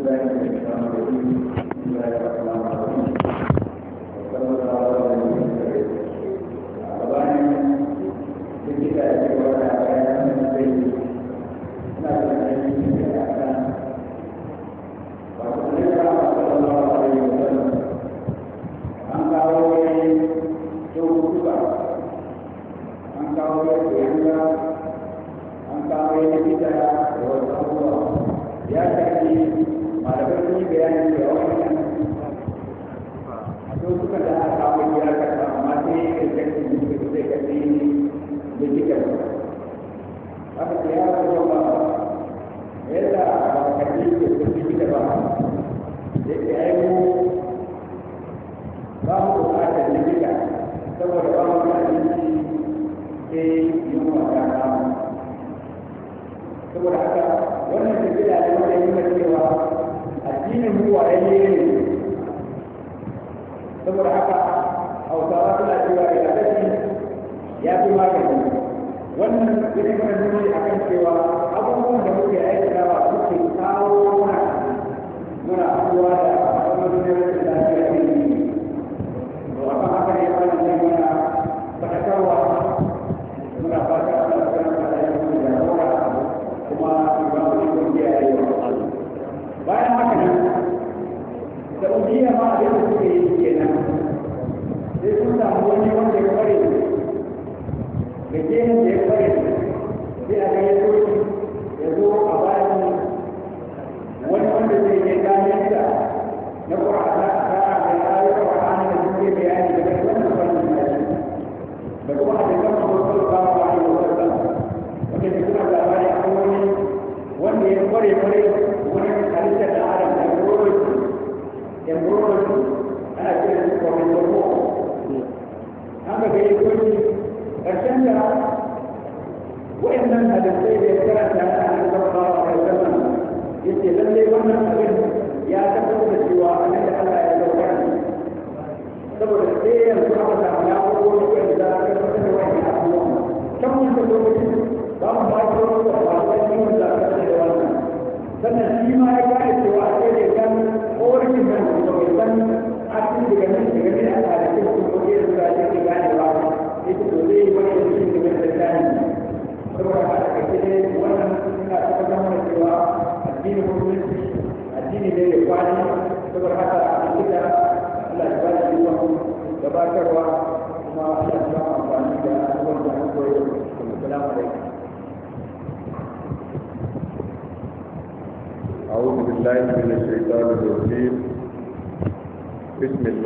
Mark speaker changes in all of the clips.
Speaker 1: الله الرحمن الرحيم بسم الله الرحمن الرحيم kware kware wani halittar da adam embryology embryology ana an ga gari ƙarshen da wa'annan da ya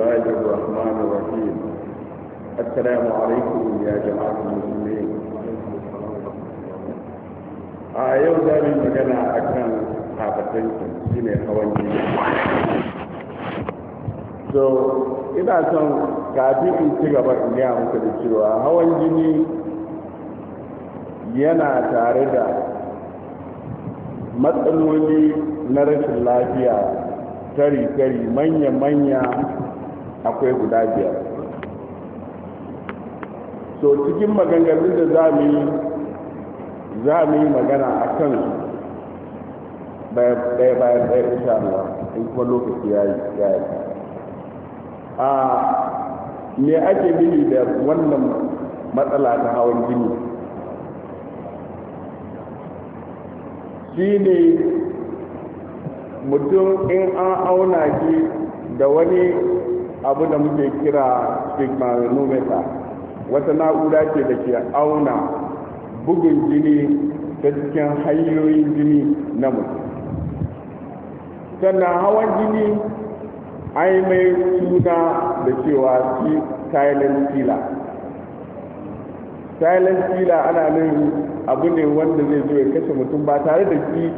Speaker 2: الله الرحمن الرحيم السلام عليكم يا جماعة المسلمين a yau za mu magana a kan so ina son kafin in ci gaba in gaya muku da cewa hawan jini yana tare da matsaloli na rashin lafiya tari-tari manya-manya akwai guda biyar so cikin maganganun da za mu yi za mu yi magana a kan ɗaya bayan ɗaya insha Allah in kuma lokaci ya yi ya yi a me ake nuni da wannan matsala ta hawan jini shi ne mutum in an auna shi da wani abu da muke kira stigmanometer wata na'ura ce da ke auna bugun jini ta cikin hanyoyin jini na mutum sannan hawan jini ai mai suna da cewa shi silent killer silent killer ana nan abu ne wanda zai zo ya kashe mutum ba tare da shi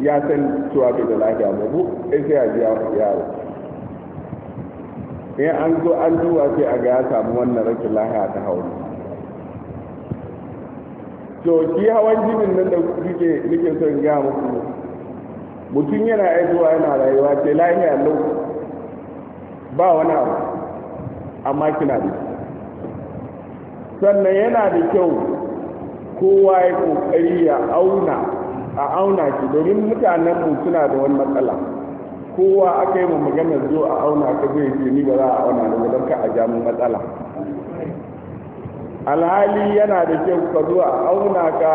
Speaker 2: ya san cewa bai da lafiya ba ko sai ya ji yaro in an zo an duba sai a ga ya samu wannan rashin lahiya ta hawan to shi hawan jinin nan da kuke nake son ga muku mutum yana aizuwa yana rayuwa ce lahiya lau ba wani abu amma kina da sannan yana da kyau kowa ya kokari ya auna a auna shi domin mutanenmu suna da wani matsala kowa aka yi maganar zo a auna ka zai ce ni ba za a auna da don ka a jamin matsala alhali yana da kyau ka zo a auna ka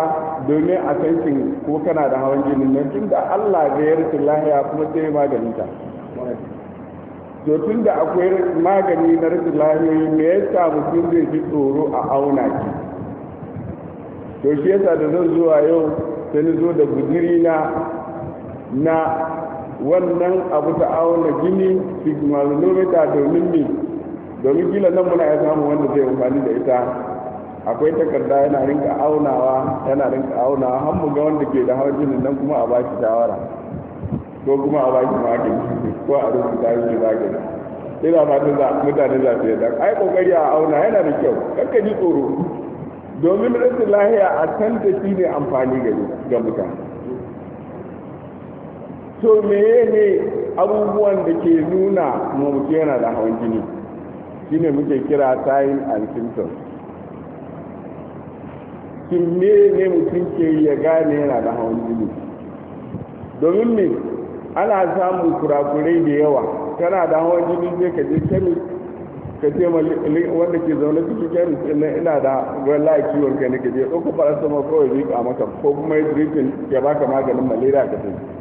Speaker 2: domin a san ko kana da hawan jini nan tun da Allah ga yarda lahiya kuma sai magani ta to tun da akwai magani na rashin lahiyoyi me yasa mutum zai ji tsoro a auna ki to shi yasa da zan zuwa yau sai ni zo da gudiri na na wannan abu ta auna gini sigmalomita domin ne domin gila nan muna ya samu wanda zai amfani da ita akwai takarda yana rinka aunawa yana rinka aunawa har mu ga wanda ke da hawan jini nan kuma a baki shawara ko kuma a ba shi magani ko a rubuta shi magani ina fatan za mutane za su yarda ai kokari a auna yana da kyau kanka ji tsoro domin rashin lahiya a shi ne amfani ga mutane to menene abubuwan da ke nuna mutum yana da hawan jini shine muke kira sign and symptoms me ne mutum ke ya gane yana da hawan jini domin me ana samun kurakurai da yawa kana da hawan jini sai ka je kemi ka ce wanda ke zaune cikin kemi ina ina da wallahi ciwon kai ne ka je ɗauko paracetamol kawai zai maka ko kuma ya dripin ya baka maganin malaria ka tafi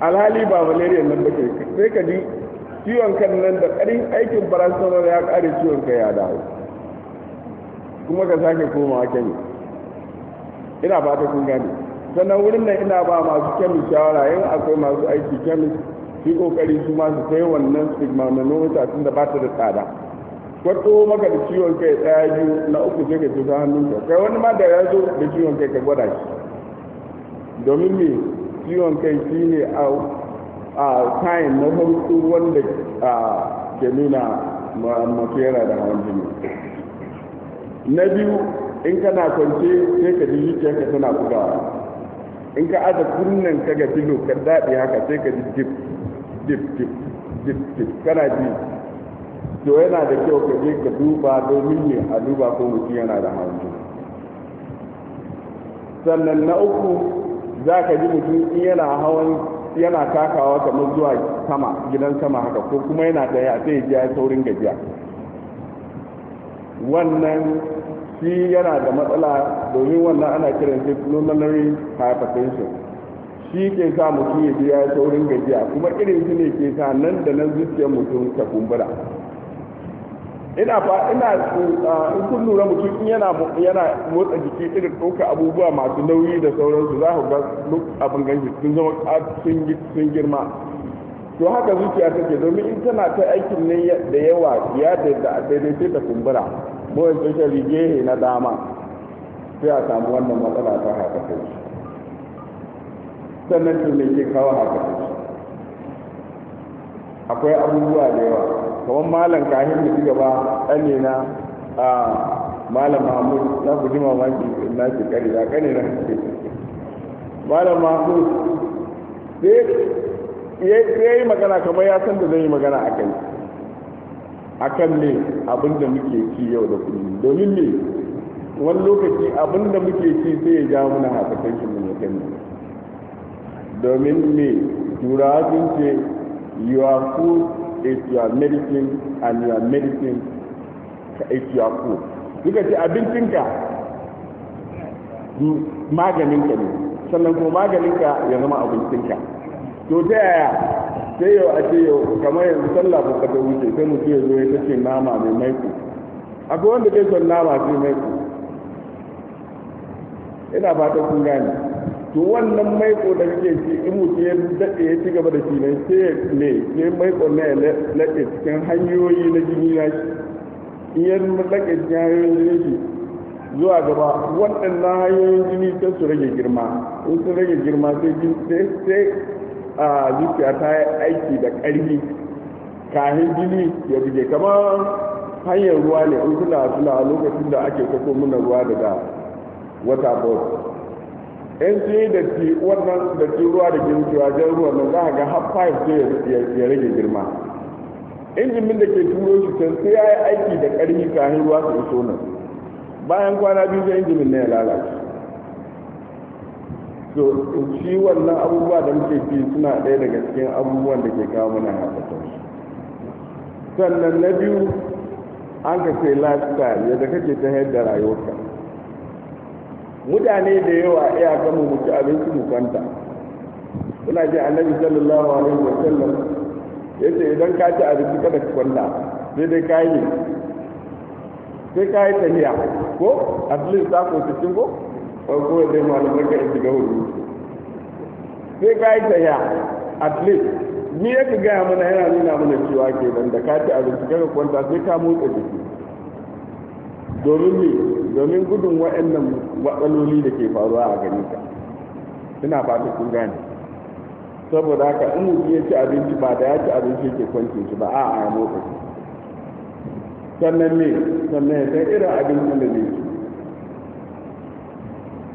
Speaker 2: alhali ba malaria nan ba kai sai ka ji ciwon kan nan da ƙarin aikin paracetamol ya ƙare ciwon kai ya dawo kuma ka sake komawa ne ina ba ta kun gane sannan wurin nan ina ba masu kemis shawara yin akwai masu aiki kemis shi kokari su masu su kai wannan stigmamanometer tun da ba ta da tsada kwato maka da ciwon kai tsaya biyu na uku sai ka tuka hannunka kai wani ma da ya zo da ciwon kai ka gwada shi domin me ciwon kai shine a kayan na farko wanda a nuna mutu yana da hawan jini na biyu in kana kwance sai ka ji zuciyarka tana bugawa in ka aza kunnen ka ga filo ka daɗe haka sai ka ji dip dip dip dip dip kana ji to yana da kyau ka je ka duba domin ne a duba ko mutum yana da hawan jini sannan na uku za ka ji mutum in yana hawan yana takawa kamar zuwa sama gidan sama haka ko kuma yana tsaye a sai ya saurin gajiya wannan shi yana da matsala domin wannan ana kiran shi pulmonary hypertension shi ke sa mutum ya ji ya saurin gajiya kuma irin shi ne ke sa nan da nan zuciyar mutum ta kumbura ina fa ina ah, in kun lura mutum yana yana motsa jiki irin ɗauka abubuwa masu nauyi da sauransu za ku ga duk abin ganin sun zama sun sun girma to haka zuciya take domin in tana ta aikin ne da yawa ya da daidai ta kumbura mu in ta rige na dama sai a samu wannan matsala ta haka kai sannan to ke kawo haka kai akwai abubuwa da yawa kamar malam kahin da gaba ɗane na a malam mahmud na ku ji mamaki na ke kare da kane na malam mahmud sai ya yi magana kamar ya san da zai yi magana a kai akan ne abin da muke ci yau da kullum domin ne wani lokaci abin da muke ci sai ya ja muna hasashen shi mun yakan ne domin ne turawa sun ce your food is your medicine and your medicine is your food duka ce abincinka maganinka ne sannan kuma maganinka ya zama abincinka to ta yaya sai yau a ce yau kamar yanzu sallah ba ta wuce sai mutum ya zo ya tace nama mai maiko akwai wanda ke son nama sai maiko ina fatan kun gane to wannan maiko da kake ci in mutum ya daɗe ya ci gaba da shi ne sai ya ne sai maiko na ya laɗe cikin hanyoyi na jini na shi in ya laɗe cikin hanyoyin jini shi zuwa gaba waɗannan hanyoyin jini sai su rage girma in su rage girma sai jin sai sai a zuciya ta yi aiki da ƙarfi kahin jini ya buge kamar hanyar ruwa ne in suna suna lokacin da ake kako muna ruwa daga water board in sun yi da ti wannan da ti ruwa da ke a jan ruwan nan za a ga har five ya rage girma injin min da ke turo shi can sai ya yi aiki da ƙarfi kayan ruwa su iso nan bayan kwana biyu sai injin min na ya lalace so shi wannan abubuwa da muke fi suna ɗaya daga cikin abubuwan da ke kawo mana hafatar sannan na biyu an ka ce lifestyle yadda kake ta da rayuwarka mutane da yawa iya gama mutu abinci mu kwanta kuna ji annabi sallallahu alaihi wa sallam ya ce idan ka ci abinci kada ka kwanta sai dai ka yi sai ka yi tafiya ko at least ta ko cikin ko ko ko dai malamai ka yi shiga hudu sai ka yi tafiya at least ni yaka gaya mana yana nuna mana cewa ke nan da ka ci abinci kada kwanta sai ka motsa jiki domin ne domin gudun waɗannan matsaloli da ke faruwa a gani ka ina fata kun gane saboda haka in mutum ya ci abinci ba da ya ci abinci yake kwance shi ba a a motsa shi sannan ne sannan ya san irin abin da zai ci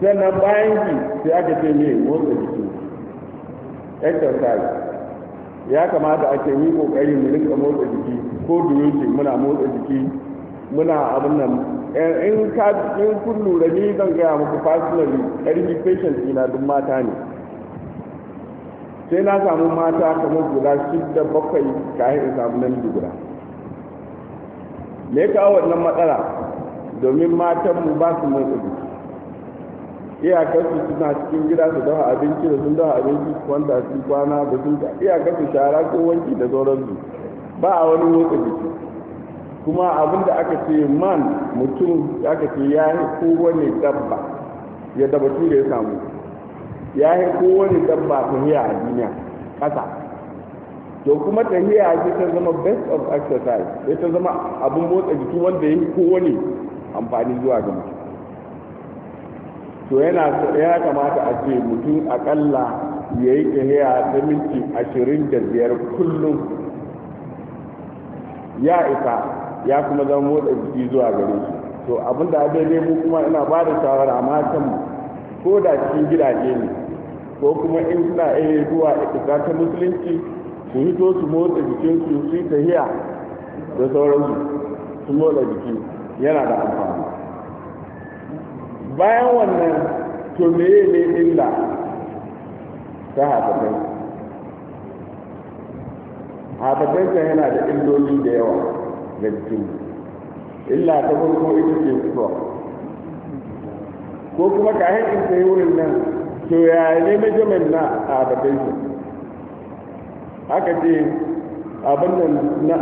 Speaker 2: sannan bayan ki sai aka ce ne motsa jiki exercise ya kamata a ce mu kokari mu rinka motsa jiki ko duwuce muna motsa jiki muna abin nan eh, in ka in kun lura ni zan gaya muku personally ƙarfi patient ina duk mata ne sai na samu mata kamar guda shidda bakwai kayan in samu nan guda me ka wannan matsala domin matan mu ba su mai jiki iyakar su suna cikin gida su dafa abinci da sun dafa abinci su kwanta su kwana da sun ta iyakar su shara ko wanki da sauransu ba a wani motsa jiki kuma abin da aka ce man mutum aka ce ya yi kowane dabba ya daba da ya samu ya yi kowane dabba tahiya a duniya ƙasa to kuma tahiya ce ta zama best of exercise ya ta zama abin motsa jiki wanda ya yi kowane amfani zuwa ga mutum to yana ya kamata a ce mutum akalla ya yi tahiya ta minti ashirin da biyar kullum ya isa ya kuma zama motsa jiki zuwa gare shi to abin da ne mu kuma ina ba da shawara kan ko da cikin gidaje ne ko kuma in suna iya eh, zuwa ikisa ta musulunci su hito su motsa jikinsu su yi tahiya da sauransu su motsa jiki yana da amfani bayan wannan to meye ne illa ta hafatai hafatai yana da illoli da yawa ga illa ta farko ita ce suwa ko kuma ka haifin yi wurin nan to ya ne measurement na a bakai su haka ce abinda na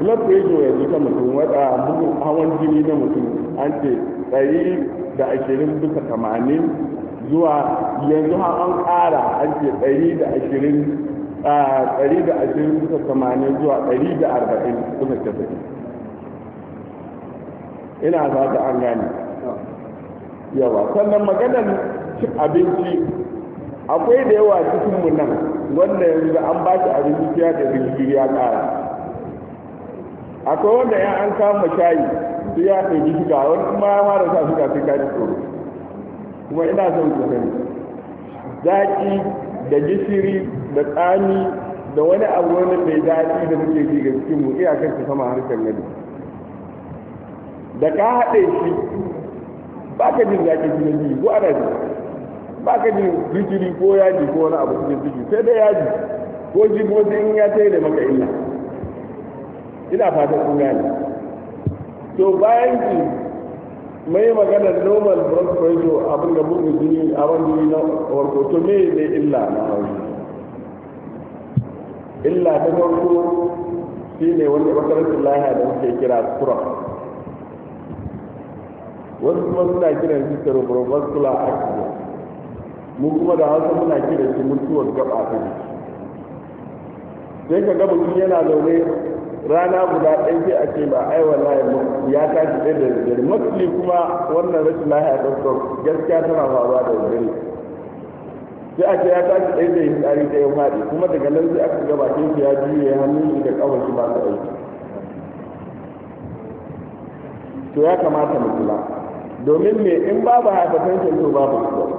Speaker 2: blood pressure yanzu ta mutum wata bugun hawan jini na mutum an ce ɗari da ashirin duka tamanin zuwa yanzu har an ƙara an ce ɗari da ashirin ɗari da ashirin tamanin zuwa ɗari da arba'in bisa tamanin ina za ta an gane yawa sannan maganar cin abinci akwai da yawa cikinmu nan wanda yanzu an ba shi abinci ya da jirgin ya ƙara akwai wanda ya an kama shayi su ya ɗauki shiga wani kuma ya fara sa shiga sai kaji tsoro kuma ina son ku sani zaƙi da gishiri da tsami da wani abu wanda bai daɗi da muke ji ga cikinmu iyakar ta sama harkar nadi da ka haɗe shi ba ka jin zaƙi cikin jini ko ana ji ba ka jin zikiri ko yaji ko wani abu cikin jiki sai dai yaji ko ji in ya tsaye da maka illa ina fatan kun gane to bayan ki mai magana normal blood pressure abin da bugun jini a wani na warko to me ne illa na hauri illa ta farko shi ne wani wata rashin lahiya da muke kira turaf. wasu kuma suna kiran shi cerebrovascular accident mu kuma da hausa muna kiran shi mutuwar gaba ta jiki sai ka gaba mutum yana zaune rana guda ɗaya sai a ce ba ai wallahi ya tashi ɗaya da dare matsali kuma wannan rashin lahi ta so gaskiya tana faruwa da dare sai a ce ya tashi ɗaya da yin tsari ɗaya faɗi kuma daga nan sai aka gaba ke ya juye hannu shi da ƙawar shi ba su aiki to ya kamata mu kula domin me in babu hypertension to babu sugar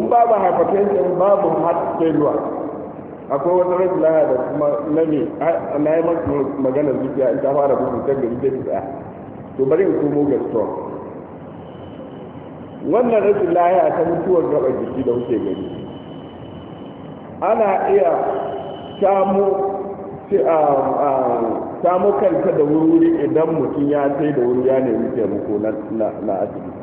Speaker 2: in babu hypertension babu heart failure akwai wata rashin laya da kuma na me na yi maka magana zuciya in ta fara bugun kan gari zai tsaya to bari in komo ga strong wannan rashin laya ta mutuwar gaba jiki da wuce gari ana iya samu samu kanka da wuri idan mutum ya sai da wuri ya nemi taimako na asibiti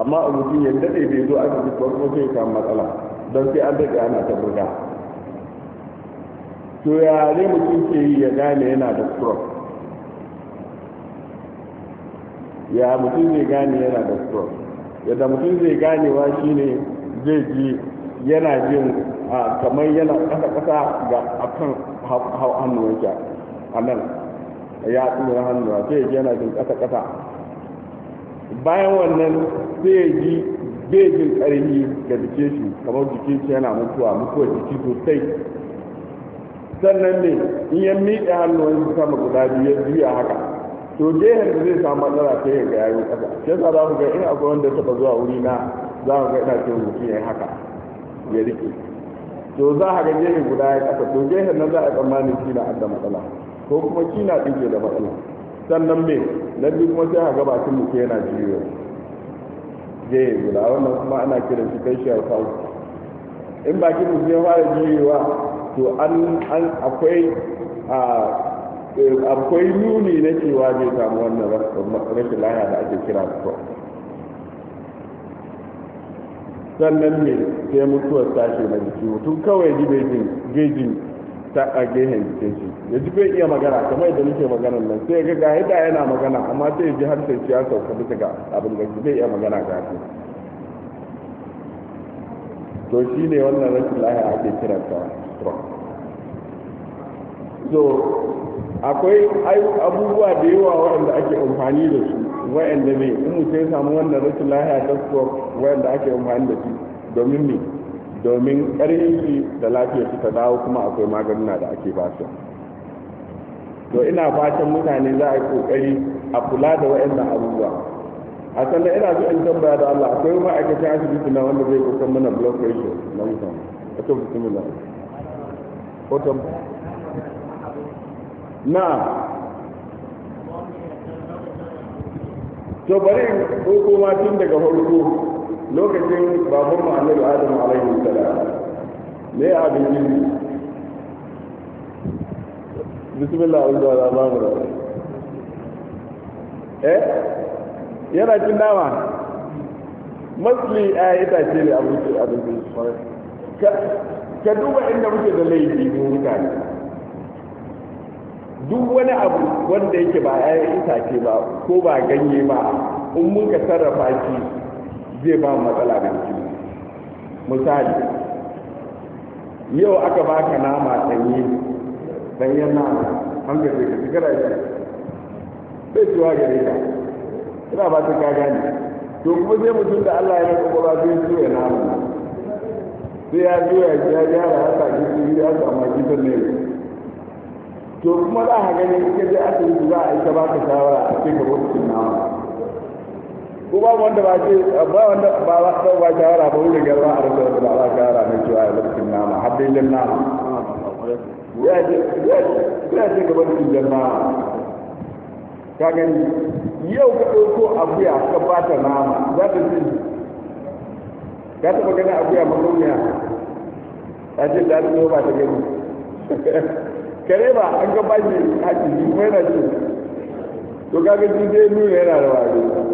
Speaker 2: amma a mutum ya daɗe bai zo asibiti farko sai samu matsala don sai an daɗe ana ta buga to ya ne mutum ke yi ya gane yana da stroke ya mutum zai gane yana da stroke yadda mutum zai ganewa shine zai ji yana jin kamar yana ƙasa-ƙasa ga akan hannu a ya ya hannu a sai yana jin ƙasa ƙasa bayan wannan sai ji bai jin ƙarfi ga jike shi kamar jike shi yana mutuwa mutuwa jiki sosai sannan ne in ya miƙe wani su sama guda biyu ya juya haka to je yanzu zai samu matsala sai ya ga yayi ƙasa shi yasa za ku ga in akwai wanda taɓa zuwa wuri na za ku ga ina ce mutum ya yi haka ya rike to za a ga jihar guda ya kasa to jihar nan za a tsammanin shi na adda matsala ko kuma kina din da matsala sannan me na biyu kuma sai a ga bakin mutum yana jiyo je ya gula wannan kuma ana kiran shi kai shi fasu in bakin mutum ya fara jiyowa to an an akwai a akwai nuni na cewa zai samu wannan rashin lahiya da ake kira stroke sannan ne sai mutuwar sashe na jiki mutum kawai ji bai jin ta a gehen jikin shi ya ji bai iya magana kamar yadda muke magana nan sai ga ga da yana magana amma sai ji har sai ya sauka bisa ga abin da bai iya magana ga shi to shi ne wannan rashin lahiya ake kiran ta so akwai abubuwa da yawa waɗanda ake amfani da su waɗanda mai in mutum ya samu wannan rashin lahiya ta stroke waɗanda ake amfani da su domin me domin ƙarfi da su ta dawo kuma akwai maganina da ake ba su to ina fatan mutane za a yi ƙoƙari a kula da waɗannan abubuwa a sannan ina zuwa in tambaya da Allah akwai ma'aikacin asibiti na wanda zai kusan mana blood pressure na mutum a to bismillah ko tambaya na to bari in ko tun daga farko lokacin babban mu annabi adam alaihi salam me ya abin yi bismillah azza wa mu eh yana cin nama masli a eh, itace ne abin abinci ka duba inda muke da laifi mu mutane duk wani abu wanda yake ba ya itace ba ko ba ganye ba in mun ka sarrafa shi zai ba matsala da jiki misali yau aka baka nama ɗanye ɗanyen nama an gaje ka gara shi bai ciwa gare ka ina ba ta ka gane to kuma sai mutum da Allah ya rasa ba sai su ya nama sai ya zo ya ya gyara haka gidan ya samu gidan ne to kuma za ka gani in ka je asibiti za a yi ta baka shawara a cikin rubutun nama ko ba wanda ba ce ba wanda ba ba ta ba shawara ba wurin garba a rasa wanda ba ba shawara mai cewa ya lokacin nama har dai jan nama ya ce ya ce gaba da jan nama ka gani yau ka ɗauko akuya ka ba ta nama za ta ci ka taɓa gani akuya makauniya ta ce ta ci ba ta gani kare ba an ka ba shi haƙi shi kuma yana ci to kaga shi dai nuna yana da wari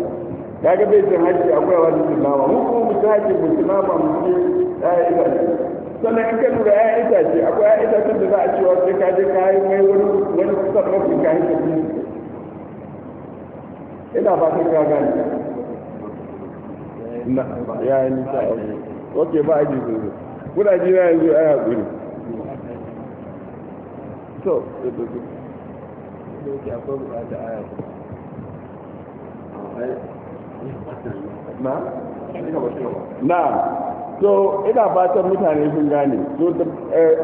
Speaker 2: kaga bai cin haji akwai wani musulma mu kuma mu haji musulma mu ci ɗaya itace sannan in ka lura ya ce akwai ya itacen da za a cewa sai ka je kayi mai wani wani kusan mafi ka hita ci ina ba ka gani na ya yi nisa a wani ok ba a ji zuzu kuna ji na yanzu so na na so ina fatan mutane sun gane so eh,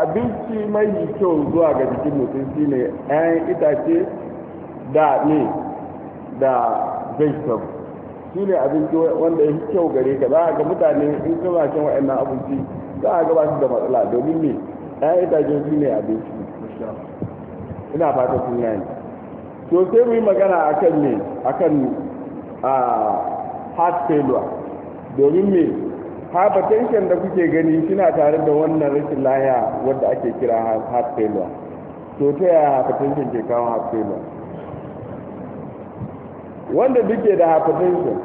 Speaker 2: abinci mai kyau zuwa ga jikin mutum ne ɗayan itace da ne da vegetable shi ne abinci wanda ya kyau gare ka za a ga mutane in suna cin wa'annan abinci za a ga ba su da matsala domin ne ɗayan itace shi ne abinci ina fatan sun gane so sai mu yi magana akan ne akan heart failure domin me hypertension da kuke gani suna tare da wannan rashin lahiya wadda ake kira heart failure to ta yaya hypertension ke kawo heart failure wanda duke da hypertension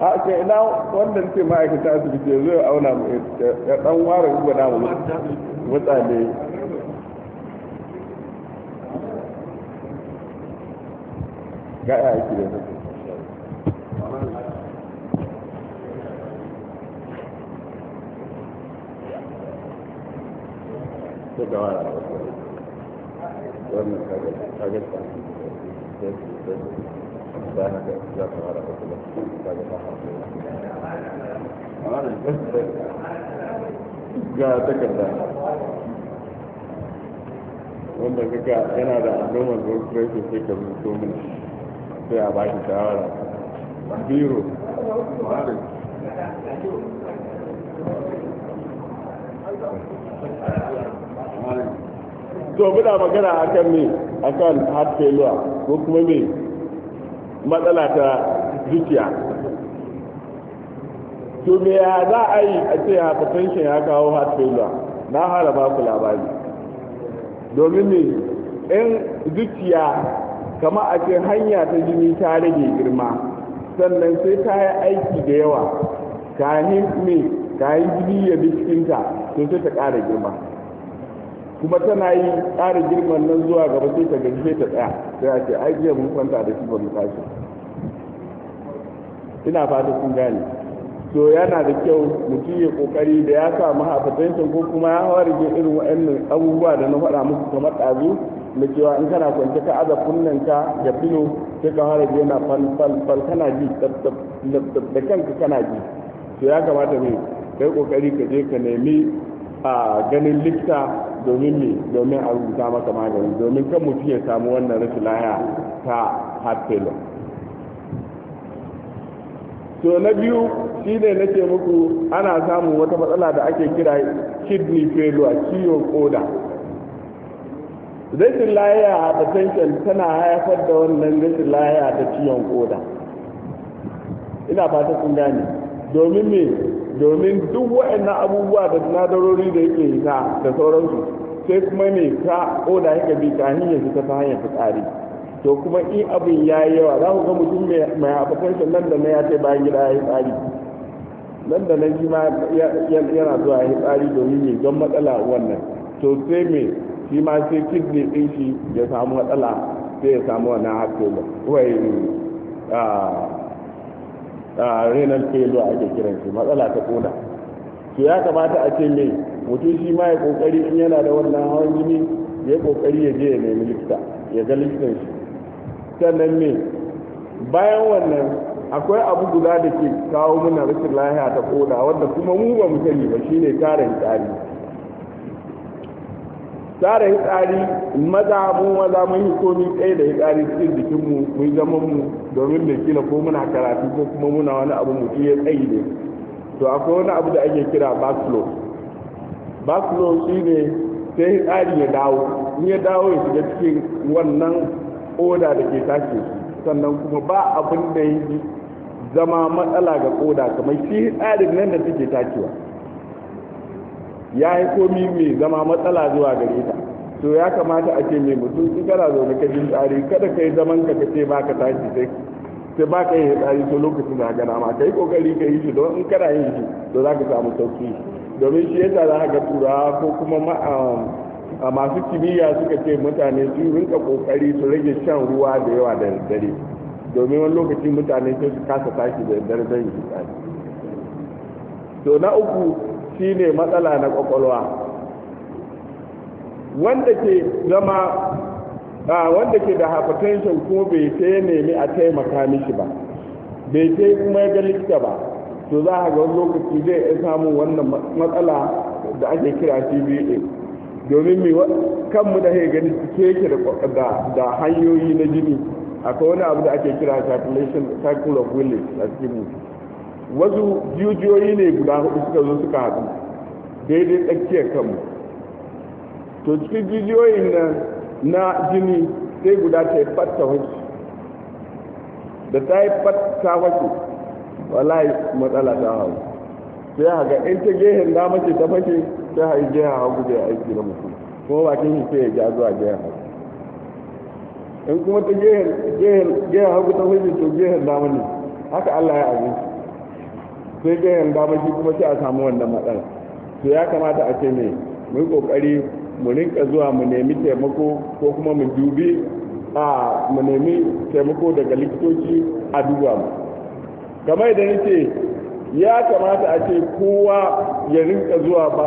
Speaker 2: a ke ina wanda nke ma'aikata su asibiti zai auna ya dan ware gwada mu mutane ga aiki da suke sai da waya wannan ta ta wanda kaka yana da annoban gwamnati sai ka rubuto mun sai a ba shi shawara biro to muna magana ne a kan heart failure ko kuma ne matsala ta zuciya to me ya za a yi a ce hypertension ya kawo heart failure na hala ba ku labari domin ne in zuciya kama a ce hanya ta jini ta rage girma sannan sai ta yi aiki da yawa kahin me kayan jini ya bi cikinta to sai ta ƙara girma kuma tana yi ƙarin girman nan zuwa gaba sai ta gaji ta tsaya sai a ce mun kwanta da shi ba mu tashi ina fata sun gane to yana da kyau mutum ya kokari da ya samu hypertension ko kuma ya warke irin waɗannan abubuwa da na faɗa muku kamar ɗazu na cewa in kana kwance ka aza kunnanka ga filo sai ka fara yana fal fal fal kana ji da kanka kana ji to ya kamata ne kai kokari ka je ka nemi a ganin likta domin ne domin a rubuta maka magani domin kan mutum ya samu wannan rashin laya ta heart failure to na biyu shine ce muku ana samun wata matsala da ake kira kidney failure ciwon koda rashin laya a potential tana haifar da wannan rashin laya ta ciwon koda ina fata sun gane domin me domin duk waɗannan abubuwa da sinadarori da yake na da sauransu sai kuma ne ka oda yake bi ta hanyar shi ta hanyar fitsari to kuma in abin ya yi yawa za ku ga mutum mai shi nan da nan ya ce bayan gida ya yi tsari nan da nan shi ma yana zuwa ya yi tsari domin ya gan matsala wannan to sai me shi ma sai kidney din shi ya samu matsala sai ya samu wannan hakoba wai ah, renal failure ake kiran shi matsala ta kona to ya kamata a ce me mutum shi ma ya kokari in yana da wannan hawan jini ya kokari ya je ya nemi likita ya ga likitan shi sannan me bayan wannan akwai abu guda da ke kawo muna rashin lahiya ta kona wanda kuma mu ba mu sani ba shine karin tsari yi tsari maza mu maza mun yi komi ɗaya da tsari cikin jikinmu mu zamanmu domin da kila ko muna karatu ko kuma muna wani abu mu iya tsayi ne to akwai wani abu da ake kira backflow backflow shi ne sai tsari ya dawo in ya dawo ya shiga cikin wannan oda da ke tashi sannan kuma ba abin da ya zama matsala ga koda kamar shi hitsarin nan da take takewa ya yi komi mai zama matsala zuwa gare ta to ya kamata a ce mai mutum in kana zaune ka jin tsari kada ka yi zaman ka ce ba ka tashi sai sai ba ka yi tsari to lokacin da gana ma kai kokari ka yi shi don in kana yin shi to za ka samu sauki domin shi yasa za ka tura ko kuma um, a masu kimiyya suka ce mutane su rinka kokari su rage shan ruwa da yawa da dare domin wani lokaci mutane sai su kasa tashi da dare zai yi tsari to na uku ne matsala na kwakwalwa wanda ke zama a wanda ke da hypertension ko bai sai nemi a taimaka mishi ba bai yi kuma ya ga likita ba to za a ga wani lokaci zai iya samun wannan matsala da ake kira cba domin mai kanmu da gani keke da hanyoyi na jini akwai wani abu da ake kira circulation cycle of willis a cikin wasu jijiyoyi ne guda hudu suka zo suka haɗu daidai tsakiyar kanmu to cikin jijiyoyin nan na jini sai guda ta yi fatta wasu da ta yi fatta wasu wallahi matsala ta hau sai ga in ta gehen dama ce ta mace ta haɗi jiha hagu da aiki da mutum kuma bakin shi sai ya ja zuwa jiha hagu in kuma ta gehen hagu ta mace to gehen dama ne haka allah ya abinci sai ga yanda ba shi kuma sai a samu wannan matsala to ya kamata a ce ne mu yi kokari mu rinka zuwa mu nemi taimako ko kuma mu dubi a mu nemi taimako daga likitoci a duba mu kamar idan ce ya kamata a ce kowa ya rinka zuwa ba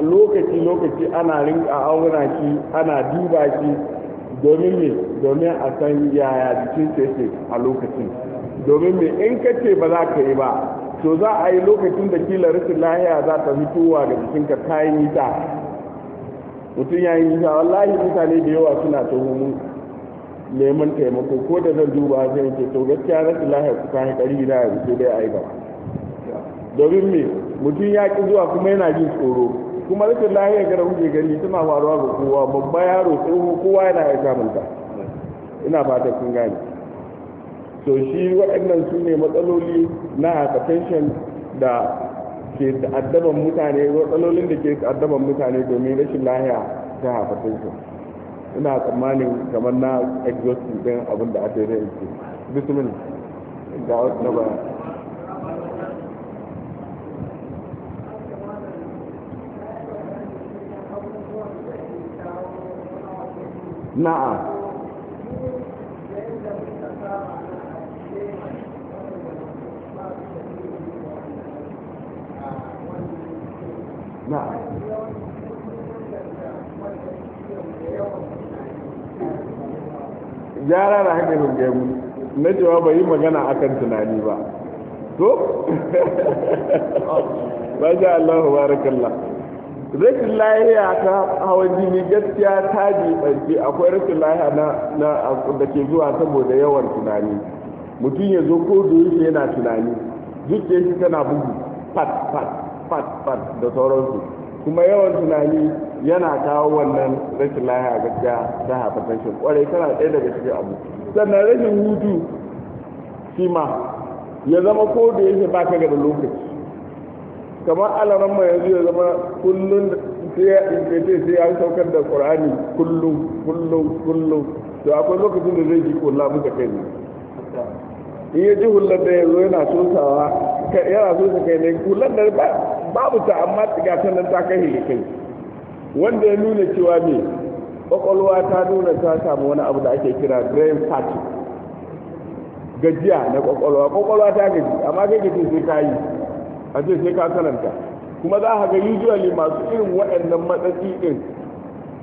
Speaker 2: lokaci lokaci ana rinka auna shi ana duba shi domin me domin a san yaya jikin ce a lokacin domin me in ka ce ba za ka yi ba to za a yi lokacin da kila rikin lahiya za ta fitowa da jikinka ta yi nisa mutum ya yi nisa wallahi mutane da yawa suna tuhumin neman taimako ko da zan duba zai ce to gaskiya rikin lahiya su kan kari na ya fito dai a yi gaba domin me mutum ya ki zuwa kuma yana jin tsoro kuma rikin lahiya gara kuke gani suna faruwa ga kowa babba yaro tsoho kowa yana ya samunta ina fatan kun gane to shi waɗannan su ne matsaloli na hypertension da ke addaban mutane matsalolin da ke addaban mutane domin rashin lahiya ta hypertension ina tsammanin kamar na exhaustion ɗin abin da aka yi rai bitumin ga wasu na ba
Speaker 1: na'am
Speaker 2: gyara na hankalin gemu na cewa bai yi magana akan tunani ba to ba Allahu Allah barakallah rashin lahiya ta hawan jini gaskiya ta jibanci akwai rashin lahiya na da ke zuwa saboda yawan tunani mutum ya zo ko da yana tunani duk zuciya shi tana bugu pat pat fat-fat da sauransu kuma yawan tunani yana kawo wannan rashin lahiya gaskiya ta haifar shi kwarai tana ɗaya daga cikin abu sannan rashin hutu shi ma ya zama ko da yake ba ka gada lokaci kamar alaran mai yanzu ya zama kullum sai ya ce sai ya saukar da ƙorani kullum kullum kullum to akwai lokacin da zai ji kula muka kai ne in ya ji hulɗar da yanzu yana sosawa yana sosa kai ne hulɗar da ba babu ta amma tsiga ta nan ta kai hilikai wanda ya nuna cewa me kwakwalwa ta nuna ta samu wani abu da ake kira brain fat gajiya na kwakwalwa kwakwalwa ta gaji amma kai gaji sai ka yi a ce sai ka sananta kuma za ka ga usually masu irin waɗannan matsatsi din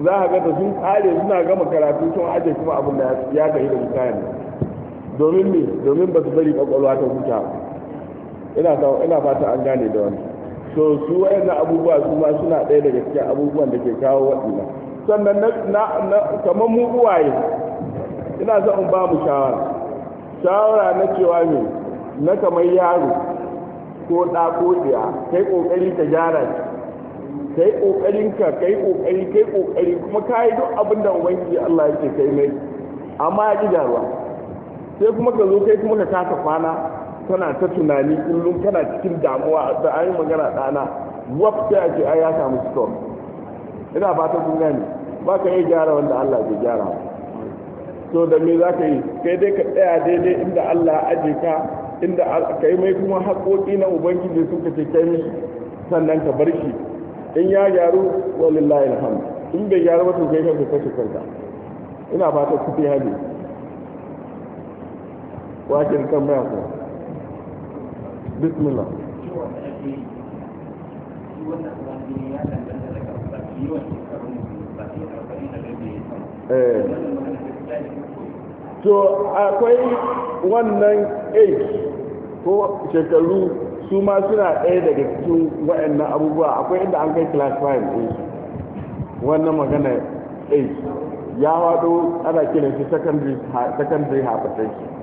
Speaker 2: za ka ga da sun kare suna gama karatu sun aje kuma abin da ya gaji da kayan domin me domin ba su bari kwakwalwa ta huta ina fata an gane da wani to su wayannan abubuwa su ma suna ɗaya daga cikin abubuwan da ke kawo waɗannan sannan na kamar mu uwaye ina son in ba mu shawara shawara na cewa ne na kamar yaro ko ɗa ko ɗiya kai ƙoƙari ka gyara shi kai ƙoƙarin ka kai ƙoƙari kai ƙoƙari kuma ka yi duk abin da ubangiji Allah yake kai mai amma ya ƙi gyaruwa sai kuma ka zo kai kuma ka kasa kwana kana ta tunani kullum kana cikin damuwa da ayi magana ɗana wafta ake ai ya samu storm ina ta kun gane ba ka iya gyara wanda Allah zai gyara to da me za ka yi kai dai ka tsaya daidai inda Allah ya aje ka inda kai mai kuma haƙoƙi na ubangiji suka ce kai mishi sannan ka bar shi in ya gyaru walillahi alhamd in bai gyaru ba to kai ka kashe kanka ina ba ta fi hali wakin kan mai الله eh. to akwai wannan age ko shekaru su ma suna ɗaya daga cikin wa'annan abubuwa akwai inda an kai class 5 ɗin wannan magana age ya wado ana kiran shi secondary hypertension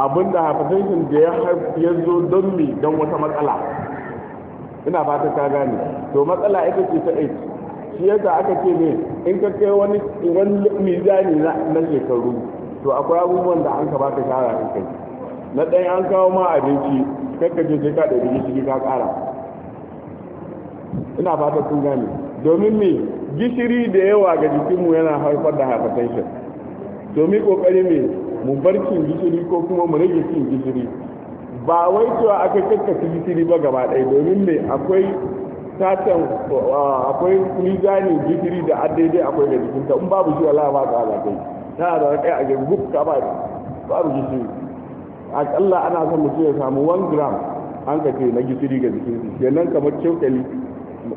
Speaker 2: abinda hypertension da ya zo don mi don wata matsala ina ba ta ta gane to matsala ita ce ta aiki shi yadda aka ce ne in ka kai wani wani mizani na shekaru to akwai abubuwan da an ka ba ka shara a kai na ɗaya an kawo ma abinci kakka je sai ka ɗari shi ka ƙara ina ba ta sun gane domin me gishiri da yawa ga jikinmu yana haifar da hypertension domin ƙoƙari me mu bar cin gishiri ko kuma mu rage cin gishiri ba wai cewa aka kakkace gishiri ba gaba ɗaya domin me akwai satan ah, akwai mizanin gishiri da daidai akwai da jikinta in babu shi wala ba ka kai ta da kai a gaba ka ba babu gishiri akalla ana son mutum ya samu 1 gram an ka ce na gishiri ga jikin shi kenan kamar cokali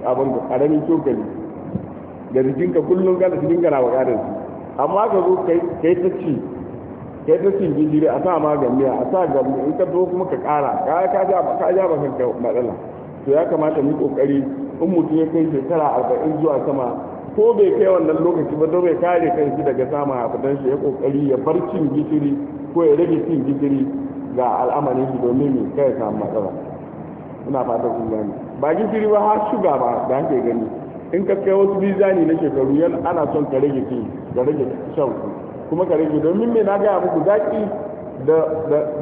Speaker 2: abin karamin cokali ga jikinka kullum kana cikin kana ba ƙarin amma ka zo kai ta ci kai ta cin gishiri a sa magani a sa gamu in ka zo kuma ka ƙara ka ja ba kanka matsala to ya kamata mu kokari in mutum ya kai shekara arba'in zuwa sama ko bai kai wannan lokaci ba don bai kare kanshi daga samun fitan shi ya kokari ya bar cin gishiri ko ya rage cin gishiri ga al'amarin shi domin mai kai samu matsala ina fata kun gani ba gishiri ba har shuga ba da ake gani in ka kai wasu bizani na shekaru yana ana son ka rage cin ka rage shan kuma ka rage domin me na gaya muku zaki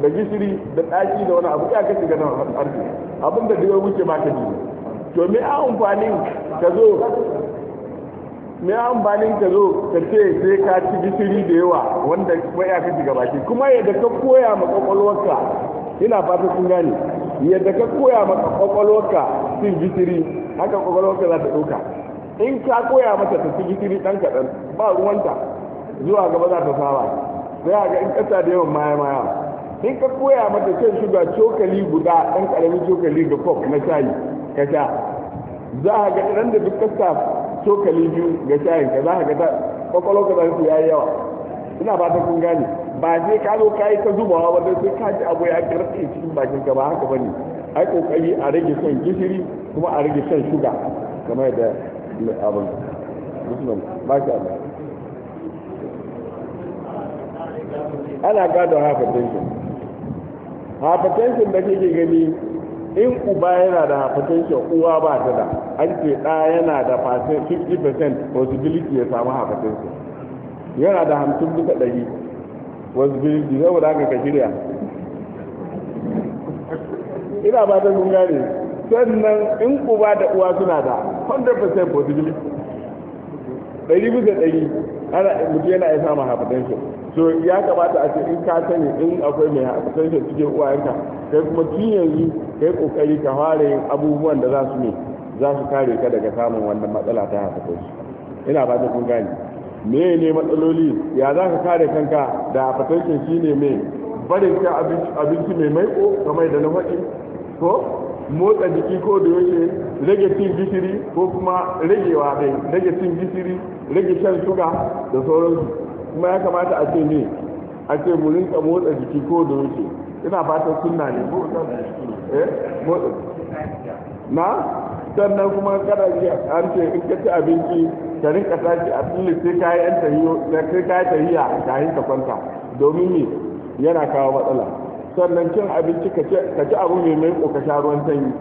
Speaker 2: da gishiri da ɗaki da wani abu ya ka shiga nan arzi abin da duka wuce ma ka ji to me a amfanin ka zo me a amfanin ka zo ka ce sai ka ci gishiri da yawa wanda ya ka shiga baki kuma yadda ka koya ma kwakwalwarka ina fata kun gane yadda ka koya ma kwakwalwarka cin gishiri haka kwakwalwarka za ta ɗauka in ka koya mata ta ci gishiri ɗan kaɗan ba ruwanta zuwa gaba za ta saba sai a ga in kasa da yawan maya maya in ka koya mata shan shuga cokali guda ɗan ƙaramin cokali da kof na shayi ka sha za a ga ɗan da duk kasa cokali biyu ga shayin ka za a ga ta kwakwalwar ka za su yayi yawa ina ba ta kun gane ba sai ka zo ka yi ta zubawa ba don sai ka ji abu ya karfe cikin bakin ka ba haka ba ne ai kokari a rage shan gishiri kuma a rage shan shuga kamar da abin musulman ba shi Allah
Speaker 1: ana gado hypertension
Speaker 2: hypertension da kike gani in uba yana da hypertension uwa ba ta da an ce ɗa yana da 50% possibility ya samu hypertension yana da hamsin bisa ɗari possibility saboda haka ka shirya ina ba ta kun gane sannan in uba da uwa suna da 100% possibility ɗari bisa ɗari ana mutum yana ya samun hypertension so ya kamata a ce in ka sani in akwai mai hypertension cikin uwayenka kai kuma tun yanzu kai kokari ka fara yin abubuwan da za su ne za su kare ka daga samun wannan matsala ta hypertension ina ba ta kun gani me ne matsaloli ya za ka kare kanka da hypertension shine mai barin ka abinci mai maiko kamar da na faɗi ko motsa jiki ko da yaushe rage cin gishiri ko kuma rage dai rage cin gishiri rage shan suga da sauransu kuma ya kamata a ce ne a ce mu rinka motsa jiki ko da yaushe ina fatan sunna ne eh motsa na sannan kuma kada ki an ce in ka ci abinci ka rinka tashi a tsili sai ka yi tahiya kafin ka kwanta domin ne yana kawo matsala sannan cin abinci ka ci abu mai mai ka sha ruwan sanyi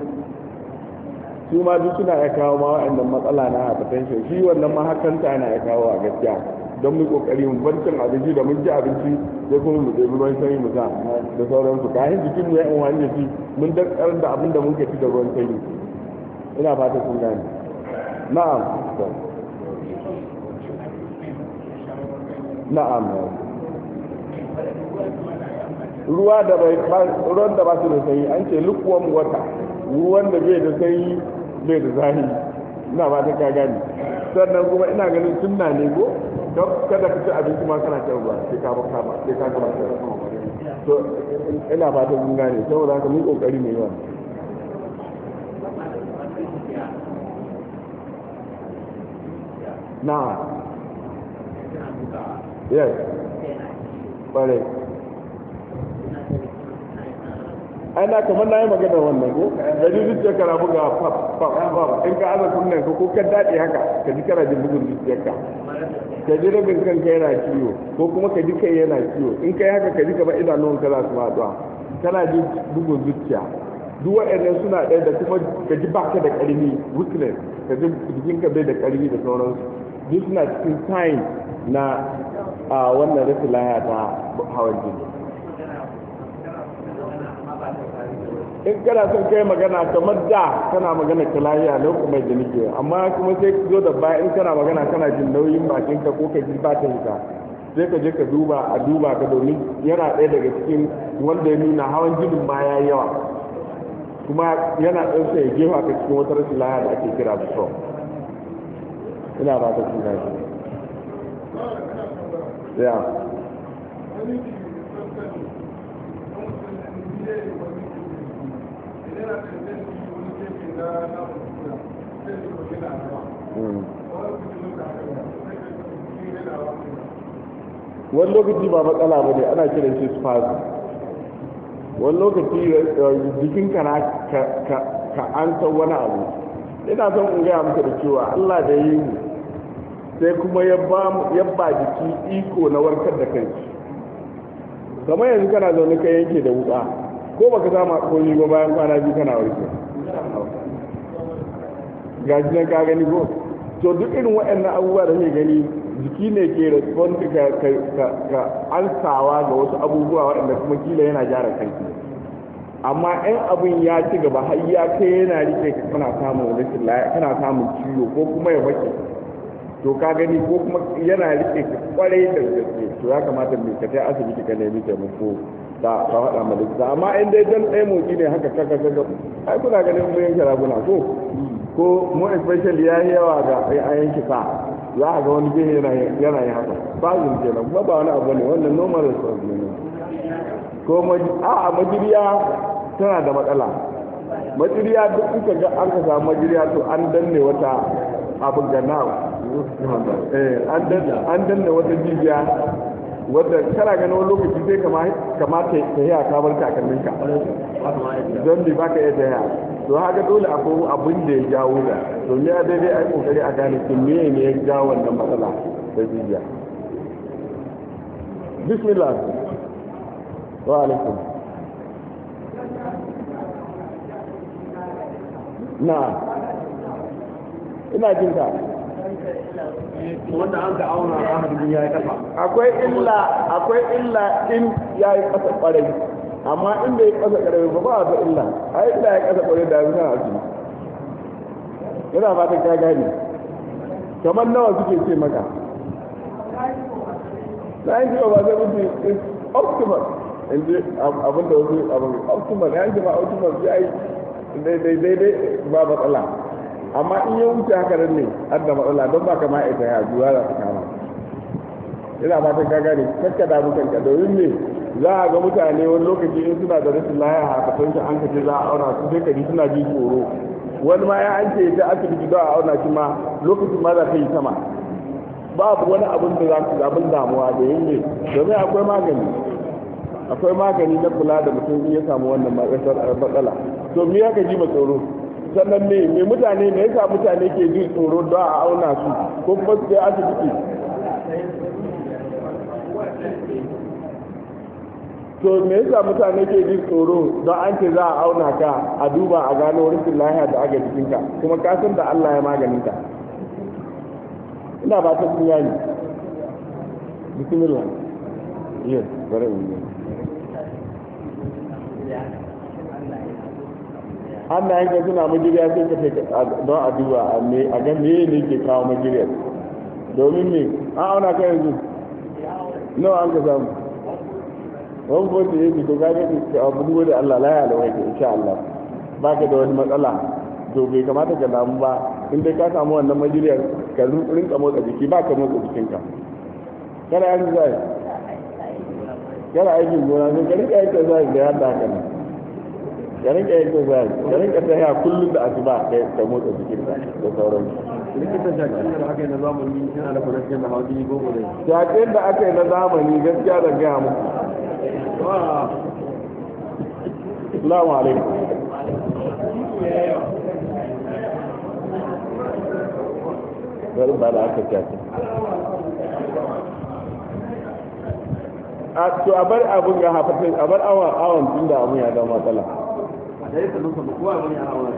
Speaker 2: su ma duk suna ya kawo ma wa'annan matsala na a potential shi wannan ma na ya kawo a gaskiya don mu kokari mu bar cin abinci da mun ci abinci sai kuma mu ɗebi ruwan sanyi mu sa da sauransu kayan jikin mu ya in wani shi mun dakkar da abin da mun ci da ruwan sanyi ina fata sun gane na'am na'am ruwa da bai ruwan da ba su da sanyi an ce lukuwan wata ruwan da bai da sanyi bai da zahi ina ba ta ka gani sannan kuma ina ganin sunna ne go don kada ka ci abinci ma kana shan ruwa sai ka ba ka ba sai ka gama shan ruwa to ina ba ta kun gane saboda haka mun kokari ne yawa na yes ƙwarai ana kamar na yi magana wannan ko da ji zuciya kana buga fab fab fab in ka aza kunnen ka ko ka daɗe haka ka ji kana jin bugun zuciyarka ka ji rabin kanka yana ciwo ko kuma ka ji kai yana ciwo in ka yi haka ka ji kamar idanuwan ka za su faɗuwa kana jin bugun zuciya duk waɗannan suna ɗaya da kuma ka ji baka da ƙarfi weakness ka ji jikinka bai da ƙarfi da sauransu duk suna cikin sign na wannan rashin lahiya ta hawan jini in kana son kai magana kamar da kana magana ka lahiya lau kuma da nake amma kuma sai ka zo da baya in kana magana kana jin nauyin bakin ka ko ka ji ba ta hita sai ka je ka duba a duba ka domin yana ɗaya daga cikin wanda ya nuna hawan jinin ma ya yawa kuma yana ɗan ya gefa ka cikin wata rashin lahiya da ake kira da so ina ba ta cikin lahiya Yeah. Hmm. wani lokaci ba matsala ba ne ana kiran shi spasm wani lokaci eh, ka na ka an san wani abu ina son in gaya maka da cewa allah da yi mu. sai kuma ya ba jiki iko na warkar da kai kamar yanzu kana zaune ka yanke da wuka ko baka samu komi ba bayan kwana biyu kana warke ga shi nan ka gani ko to duk irin waɗannan abubuwa da ke gani jiki ne ke respond ka ka ansawa ga wasu abubuwa waɗanda kuma kila yana gyara kanki amma in abin ya ci gaba har ya kai yana rike ka kana samun rashin lafiya kana samun ciwo ko kuma ya to kuma yana rike ka kwarai da gaske to ya kamata mai ka asibiti ta faɗa ma likita amma in dai dan ɗaya motsi ne haka kaka kaka ai kuna ganin mun yanke raguna ko ko mu special ya yi yawa ga a yanke sa za a ga wani jihi yana yi haka ba zin kenan kuma ba wani abu ne wannan normal response ne ko a majiriya tana da matsala majiriya duk kuka ga an ka samu majiriya to an danne wata abin ga na eh, an danne wata jijiya wadda kana ganin wani lokaci sai kama ta yi a kamar takalmin ka don ba baka iya ta yi to haka dole akwai abin da ya jawo da to ne a daidai ai kokari a gane ki me ne ya jawo wannan matsala da jijiya bismillah wa alaikum
Speaker 1: na ina jin ka wanda an akwai illa
Speaker 2: in ya yi kasa kwarai amma in bai kasa kwarai ba ba illa a illa ya kasa kwarai da yanzu na yana ka gani kamar nawa suke ce maka na yanzu ba zai wuce is eh, optimal yanzu abin da wasu abin optimal ya yi ba optimal ya yi daidai ba matsala amma in ya wuce haka nan ne har da matsala don ba ka ita ya juwa za ta kama ina fatan ka gane kakka da mutan ka domin ne za a ga mutane wani lokaci in suna da rashin laya a kasan shi an kace za a auna su sai ka ji suna ji tsoro wani ma ya an ce ta asibiti za a auna shi ma lokacin ma za ka yi sama babu wani abin da za ga abin damuwa da yin ne domin akwai magani akwai magani na kula da mutum in ya samu wannan matsala to me ya ka ji ma tsoro sannan me me mutane me yasa mutane ke jin tsoro don a auna su ko kuma su je asibiti to me yasa mutane ke jin tsoro don an ce za a auna ka a duba a gano rikin lahiya da aga jikinka kuma ka san da Allah ya maganin ka ina ba ta sun yani bismillah
Speaker 1: yes bare in
Speaker 2: an da ka suna magiriya sai ka sai don a duba a ga me ne ke kawo magiriyar domin me an auna ka yanzu nawa an ka samu wani kotu ya ce to gaje ka abu duba da Allah laya da wake insha Allah ba ka da wani matsala to bai kamata ka damu ba in dai ka samu wannan magiriyar ka rinka motsa jiki ba ka motsa jikinka kada yanzu zai
Speaker 1: kada aikin gona sai ka rinka aikin zai da yadda haka ne
Speaker 2: ya rinka yin exercise ya rinka kullum da asuba da ta motsa jikinsa da sauran likitan shaƙin da aka yi na zamani yana da kwanakiyar da hawa jini gogo ne da aka yi na zamani gaskiya da gaya muku Assalamu alaikum. Bari ba da aka A to a bar abun ga a bar tun da abun ya zama matsala. da ya sanu sanu kowa wani ana wani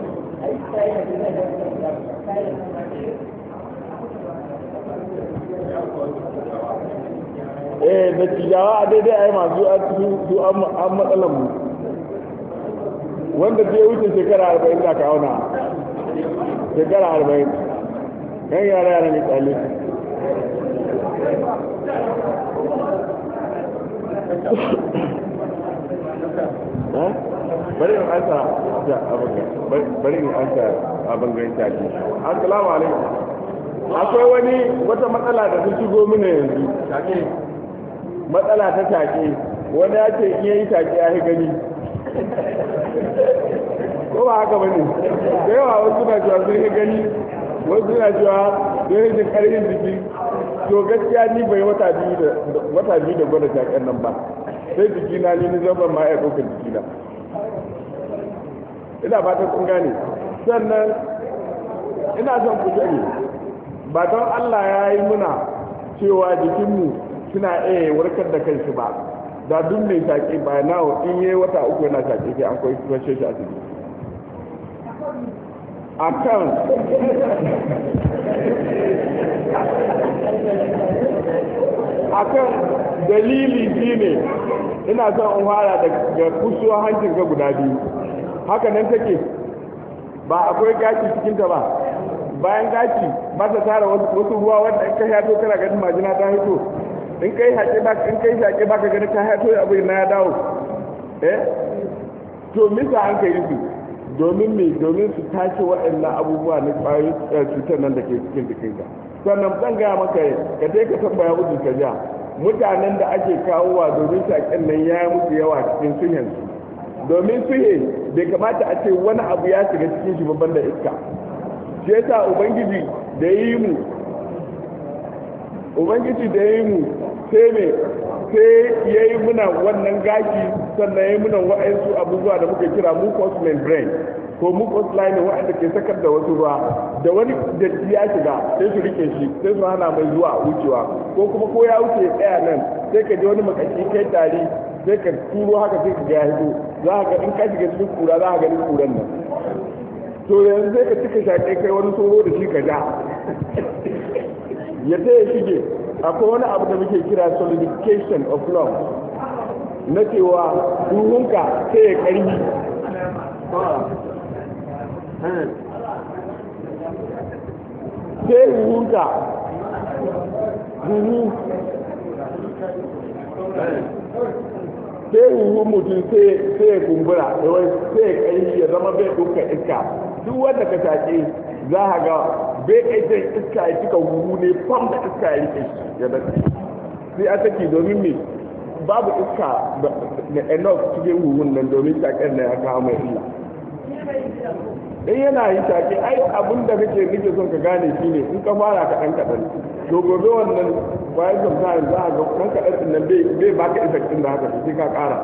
Speaker 2: eh da tijawa a daidai a yi masu su an matsalan mu wanda ke wuce shekara arba'in da ka auna shekara arba'in yan yara yara ne tsali Huh? bari in ansa da abin bari in ansa abin gaita ki assalamu alaikum akwai wani wata matsala da ta shigo mana yanzu matsala ta take wani ya ce iya yi take ya yi gani ko ba haka bane da yawa wasu suna cewa sun yi gani wasu suna cewa don yi jin karfin jiki to gaskiya ni bai wata biyu da gwada taken nan ba sai jiki na ni ni zama ma ya
Speaker 1: ina fatan kun gane
Speaker 2: sannan ina son ku sani ba don Allah ya yi muna cewa jikinmu suna iya warkar da kansu ba da duk mai shaƙi ba na in yi wata uku yana shaƙi sai an koyi kwashe shi a ciki a kan a kan dalili shi ne ina son in fara daga kusurwa hancin ga guda biyu haka nan take ba akwai gashi cikin ta ba bayan gashi ba ta tara wasu ruwa wanda in ka hato kana ganin majina ta hito in kai haƙe ba in kai shaƙe ba ka ganin ta hato abu na ya dawo eh to misa an kai su domin me domin su tace waɗannan abubuwa na ƙwayoyin eh, cutar nan da ke cikin jikinka sannan zan gaya maka ka je ka san bayan mutum ka ja mutanen da ake kawowa domin shaƙen nan ya mutu yawa cikin sunyansu domin fiye bai kamata a ce wani abu ya shiga cikin shi babban da iska shi yasa ubangiji da yi mu ubangiji da yi mu sai me sai ya yi muna wannan gashi sannan ya yi muna wa'ansu abubuwa da muka kira mucous membrane ko mucous line wa'anda ke sakar da wasu ruwa da wani datti ya shiga sai su rike shi sai su hana mai zuwa wucewa ko kuma ko ya wuce tsaya nan sai ka ji wani makashi kai tari sai ka turo haka sai ka jahido za ka in ka shiga cikin kura za ka gani kuran nan to yanzu sai ka cika shaƙe kai wani tsoro da shi ka ja ya sai ya shige akwai wani abu da muke kira solidification of love na cewa duhunka sai ya ƙarfi sai ruhunka ruhu sai huhun mutum sai ya kumbura sai ya kai ya zama bai ɗauka iska duk wanda ka shaƙe za a ga bai kai sai iska ya kika huhu ne fam da iska ya rike shi ya dace sai a saki domin me babu iska na enough cikin huhun nan domin shaƙar na ya kama mai illa
Speaker 1: in yana yi shaƙe ai abin da kake nake son ka gane
Speaker 2: shine in ka fara kaɗan kaɗan to gobe wannan bayan sometime za a ga kan kaɗan ɗin nan bai baka effect ɗin da haka sai ka ƙara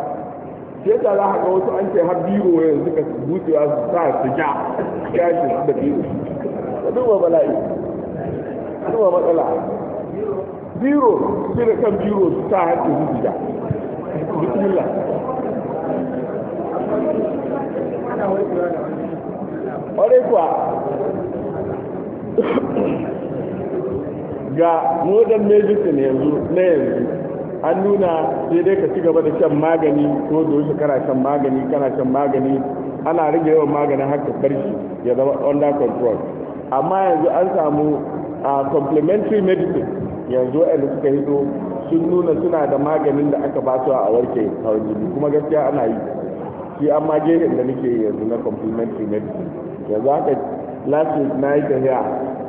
Speaker 2: sai da za a ga wasu an ce har biro yanzu ka bucewa su sa su ja gashi da biro ka duba bala'i ka duba matsala biro sai da kan biro su sa hanci su ja bismillah ƙwarai kuwa ga modern medicine yanzu na yanzu an nuna sai dai ka ci gaba da shan magani ko da wasu kana shan magani kana shan magani ana rage yawan maganin haka karshe ya zama under control amma yanzu an samu a complementary medicine yanzu a suka hito sun nuna suna da maganin da aka ba su a warke hawan jini kuma gaskiya ana yi shi amma gefen da nake yanzu na complementary medicine yanzu haka last week na yi tafiya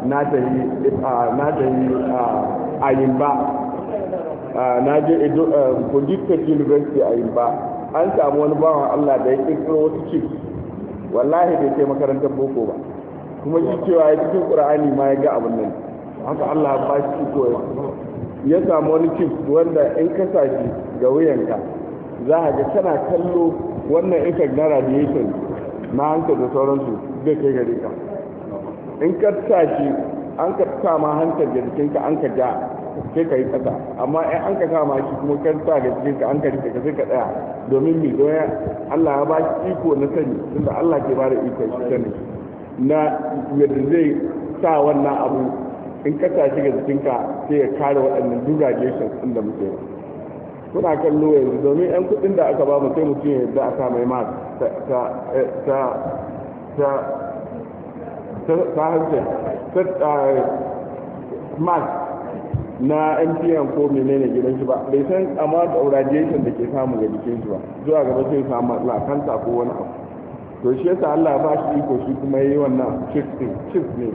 Speaker 2: na ta yi ayimba na je kogi university ayimba an samu wani bawan allah da ya kirkiro wasu ci wallahi bai kai makarantar boko ba kuma shi cewa ya cikin ƙura'ani ma ya ga abin nan haka allah ba shi koya ya samu wani cif wanda in ka sa shi ga wuyanka za a ga tana kallo wannan effect na radiation na hankali da sauransu zai kai gare ka in ka tashi an ka sa ma hantar da jikinka an ka ja sai ka yi kasa amma in an ka sa ma shi kuma ka sa da jikinka an ka rike ka sai ka tsaya domin mi don Allah ya ba shi iko na sani tunda Allah ke ba da iko shi sani na yadda zai sa wannan abu in ka tashi ga jikinka sai ya kare waɗannan duk radiations ɗin da muke kuna kallo yanzu domin 'yan kuɗin da aka ba mu sai mutum ya yarda a sa mai ta eh, ta harshe mark na mpn ko menene gidan shi ba bai san amount of radiation da ke samu ga jikin shi ba zuwa gaba sai samu matsala kanta ko wani abu to shi yasa Allah ba shi iko shi kuma yi wannan chip chip ne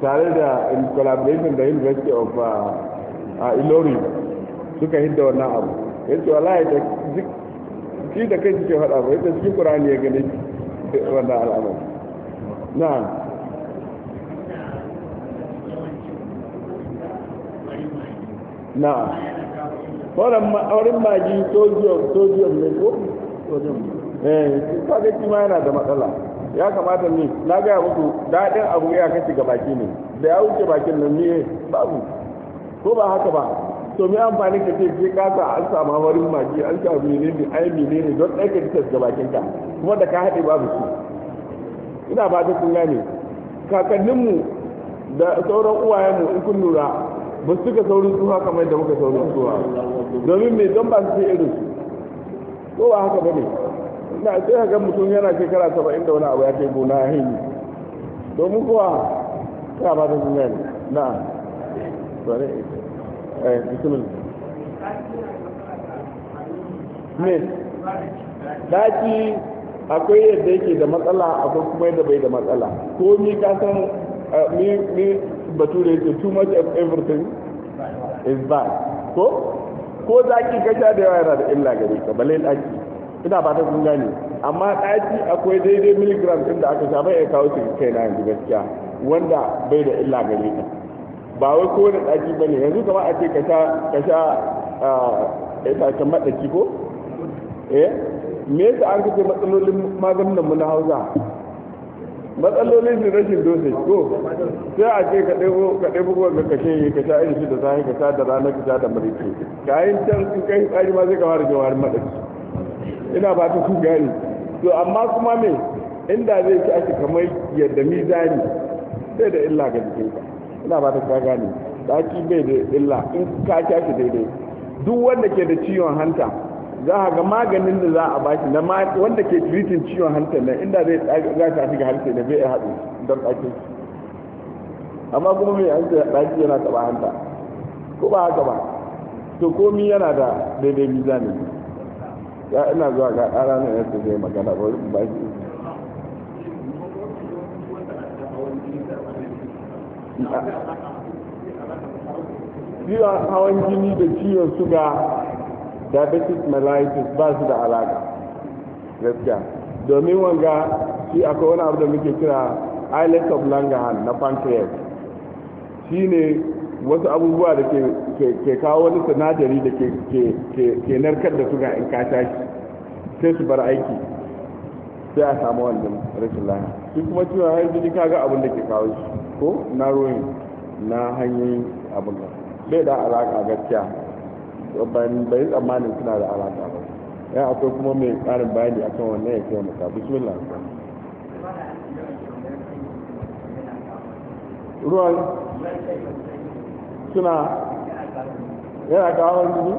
Speaker 2: tare da in collaboration da University of uh, uh, Ilori suka hidda wannan abu yace wallahi da shi da kai kike faɗa ba yace cikin Qur'ani ya gane wannan al'amari na'am na ma auren magi sojiyar sojiyar ne ko? eh kaga shi ma yana da matsala ya kamata ne na gaya muku daɗin abu ya kashe ga baki ne da ya wuce bakin nan ne eh, babu ko ba haka ba to me amfani ka ce ke kasa an samu hawarin maji an samu menene ai ne don ɗaya ka ji ga bakin ka kuma da ka haɗe babu su ina ba ta kun gane kakanninmu da sauran uwayenmu in kun lura ba su ka saurin tsuwa kamar da muka saurin zuwa domin mai don ba su ce irin su ko ba haka ba ne na sai haka mutum yana shekara saba'in da wani abu ya kai gona ya domin kuwa ta ba da duniya ne na tsare eh bismillah
Speaker 1: me daki akwai yadda yake
Speaker 2: da matsala akwai kuma yadda bai da matsala ko ni ka san eh, bature yake too much of everything is bad ko ko zaki ka sha da yawa yana da illa gare ka balle daki ina ba ta sun gane amma daki akwai daidai milligram din da aka sha bai kawo shi kai na yanzu gaskiya wanda bai da illa gare ka ba wai kowane daki bane yanzu kamar a ce ka sha ka sha ah, itacen maɗaki ko eh me yasa an kace matsalolin maganin mu na hausa matsalolin su rashin dosage ko sai a ce ka ɗebo ka ɗebo ko ka kashe ka sha irin shi da sahi ka sha da rana ka sha da ka kayan can in kai tsari ma zai ka fara jawar madaki ina ba ta ku gani to amma kuma me inda zai ci ake kamar yadda mizani sai da illa ga ka ina ba ta ka gani daki bai da illa in ka shi daidai duk wanda ke da ciwon hanta za a ga maganin da za a baki na wanda ke tiritin ciwon hantar na inda zai za ka shiga hantar da bai haɗu don ɗakin amma kuma mai hantar ya ɗaki yana taɓa hanta ko ba haka ba to komi yana da daidai ne ya ina zuwa ga ƙara na yadda zai magana ba ba shi ciwon hawan jini da ciwon suga diabetic mellitus ba su da alaƙa gaskiya domin wanga shi akwai wani abu da muke kira islet of langahan na pancreas shi ne wasu abubuwa da ke kawo wani sinadari da ke narkar da suga in kasha shi sai su bar aiki sai a samu wannan rashin lafiya shi kuma cewa har jini kaga abin da ke kawo shi ko na ruwan na hanyoyin abin da bai da alaƙa gaskiya bayan tsammanin suna da alaƙa ba ya akwai kuma mai ƙarin bayani akan wannan ya taimaka bismillah ruwan suna yana kawo hanjini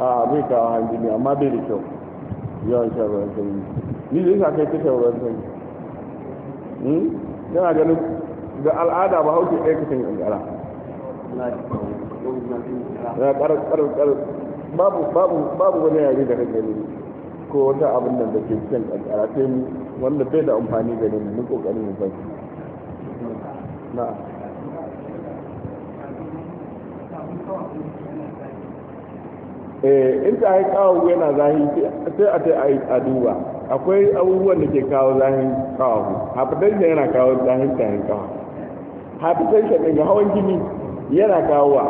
Speaker 2: a bai kawo hanjini amma bai da kyau yawan shan ruwan sanyi ni zai sa kai ta ruwan sanyi hmm? yana ganin ga al'ada ba hauke ɗaya ya karar karar babu babu babu wani yari daga kake gani ko wata abin nan da ke cikin kankara sai mu wanda bai da amfani gare mu mun kokarin mu bari na eh in ta yi kawo yana zahi sai a ta yi a duba akwai abubuwan da ke kawo zahin kawo hafitar yana kawo zahin zahin kawo hafitar shi ga hawan jini yana kawowa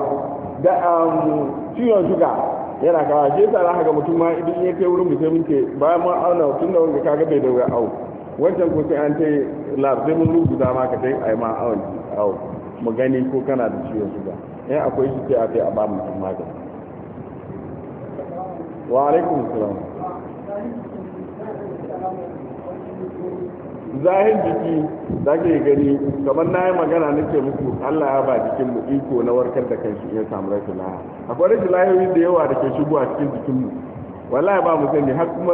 Speaker 2: da um, ciwon suga yana kawowa shi yasa za ga mutum ma idan ya kai wurin mutum ke bayan ma auna tun da wanda kaga bai daura au wancan ko sai an tai lab mun mun rubuta ma ka tai ai ma awon au mu gani ko kana da ciwon suga in akwai shi sai a kai a ba mutum magani
Speaker 1: wa alaikum salam
Speaker 2: zahin jiki za ka gani kamar na yi magana nake muku allah ya ba jikinmu iko na warkar da kan shi ya samu rashin laha akwai rashin lahiyoyi da yawa da ke a cikin jikinmu wallahi ba mu sani har kuma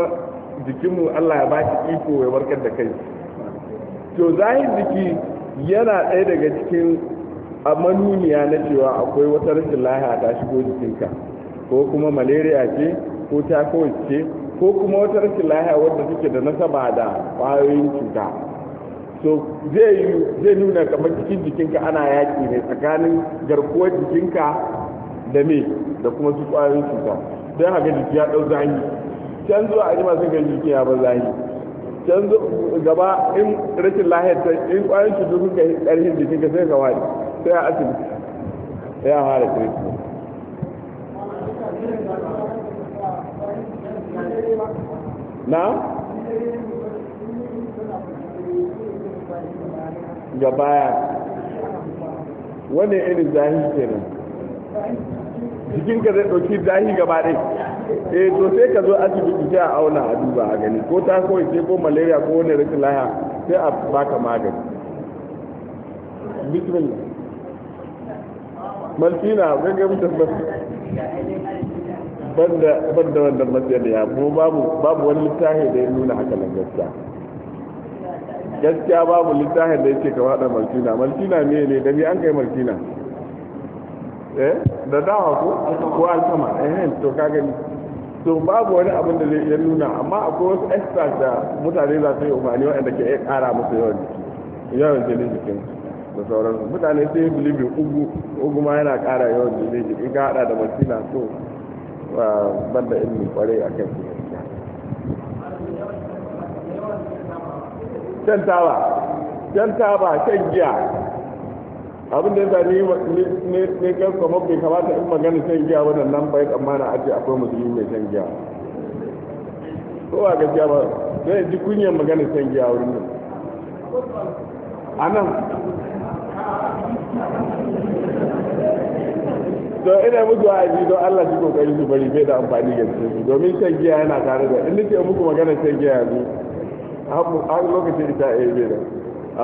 Speaker 2: jikinmu allah ya ba shi iko ya warkar da kai to zahin jiki yana ɗaya daga cikin a manuniya na cewa akwai wata rashin lahiya ta shigo jikinka ko kuma malaria ce ko typhoid ce ko kuma wata rashin lahiya wadda suke da nasaba da ƙwayoyin cuta so zai nuna kamar cikin jikinka ana yaƙi ne tsakanin garkuwar jikinka da me da kuma su ƙwayoyin cuta don haka jiki ya ɗau zahi can zuwa a jima sun gani jiki ya ba zahi can gaba in rashin lahiyar ta in ƙwayoyin cuta sun yi ƙarfin jikinka sai ka wani sai a asibiti sai a fara treatment
Speaker 1: na ga baya
Speaker 2: wani irin zahi kenan jikinka zai ɗauki zahi gaba ɗai eh to sai ka zo asibiti sai a auna a duba a gani ko ta kawai sai ko malaria ko wani rikin laya sai a baka magani bismillah
Speaker 1: malfina zai ga mutum banda
Speaker 2: banda wannan ya mu babu babu wani littafi da ya nuna haka nan gaskiya gaskiya babu littafin da yake ka wada malkina malkina ne ne da bi an kai malkina eh da dawa ko ko alkama eh to ka gani to babu wani abin da zai iya nuna amma akwai wasu extra da mutane za su yi umarni waɗanda ke iya ƙara musu yawan jiki yawan jini jikin da sauransu mutane sai yi bilibin ugu ugu ma yana ƙara yawan jini jiki ka haɗa da malkina so. ban da ilmi kwarai a kan shi gaskiya shan taba shan taba shan giya abin da yasa ni ne kan kuma bai kamata in magana shan giya waɗannan bai kamana a ce akwai musulmi mai shan giya ko a gaskiya ba zai ji kunyar magana shan giya wurin nan a nan don ina muku a don Allah shi kokari su bari bai da amfani ga su domin shan giya yana tare da in nake muku magana shan giya yanzu har lokacin ita a yi da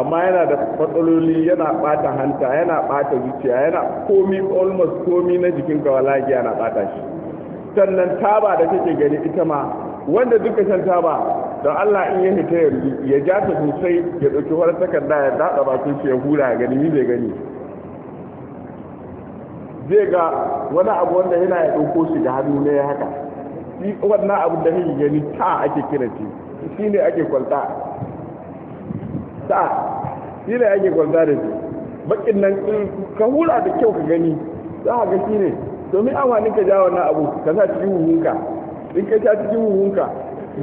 Speaker 2: amma yana da matsaloli yana bata hanta yana bata zuciya yana komi almost komi na jikin ka wala giya na bata shi sannan taba da kake gani ita ma wanda duka shan taba don Allah in ya hita yanzu ya ja ta sosai ya dauki wani takarda ya dada ba shi ya hura ya gani ni bai gani zai ga wani abu wanda yana ya ɗauko shi da hannu ne haka shi wannan abu da kake gani ta ake kira shi shi ne ake kwalta ta shi ne ake kwalta da shi bakin nan ka hula da kyau ka gani za ka ga shi ne domin amfanin ka ja wannan abu ka sa cikin huhunka in ka sa cikin huhunka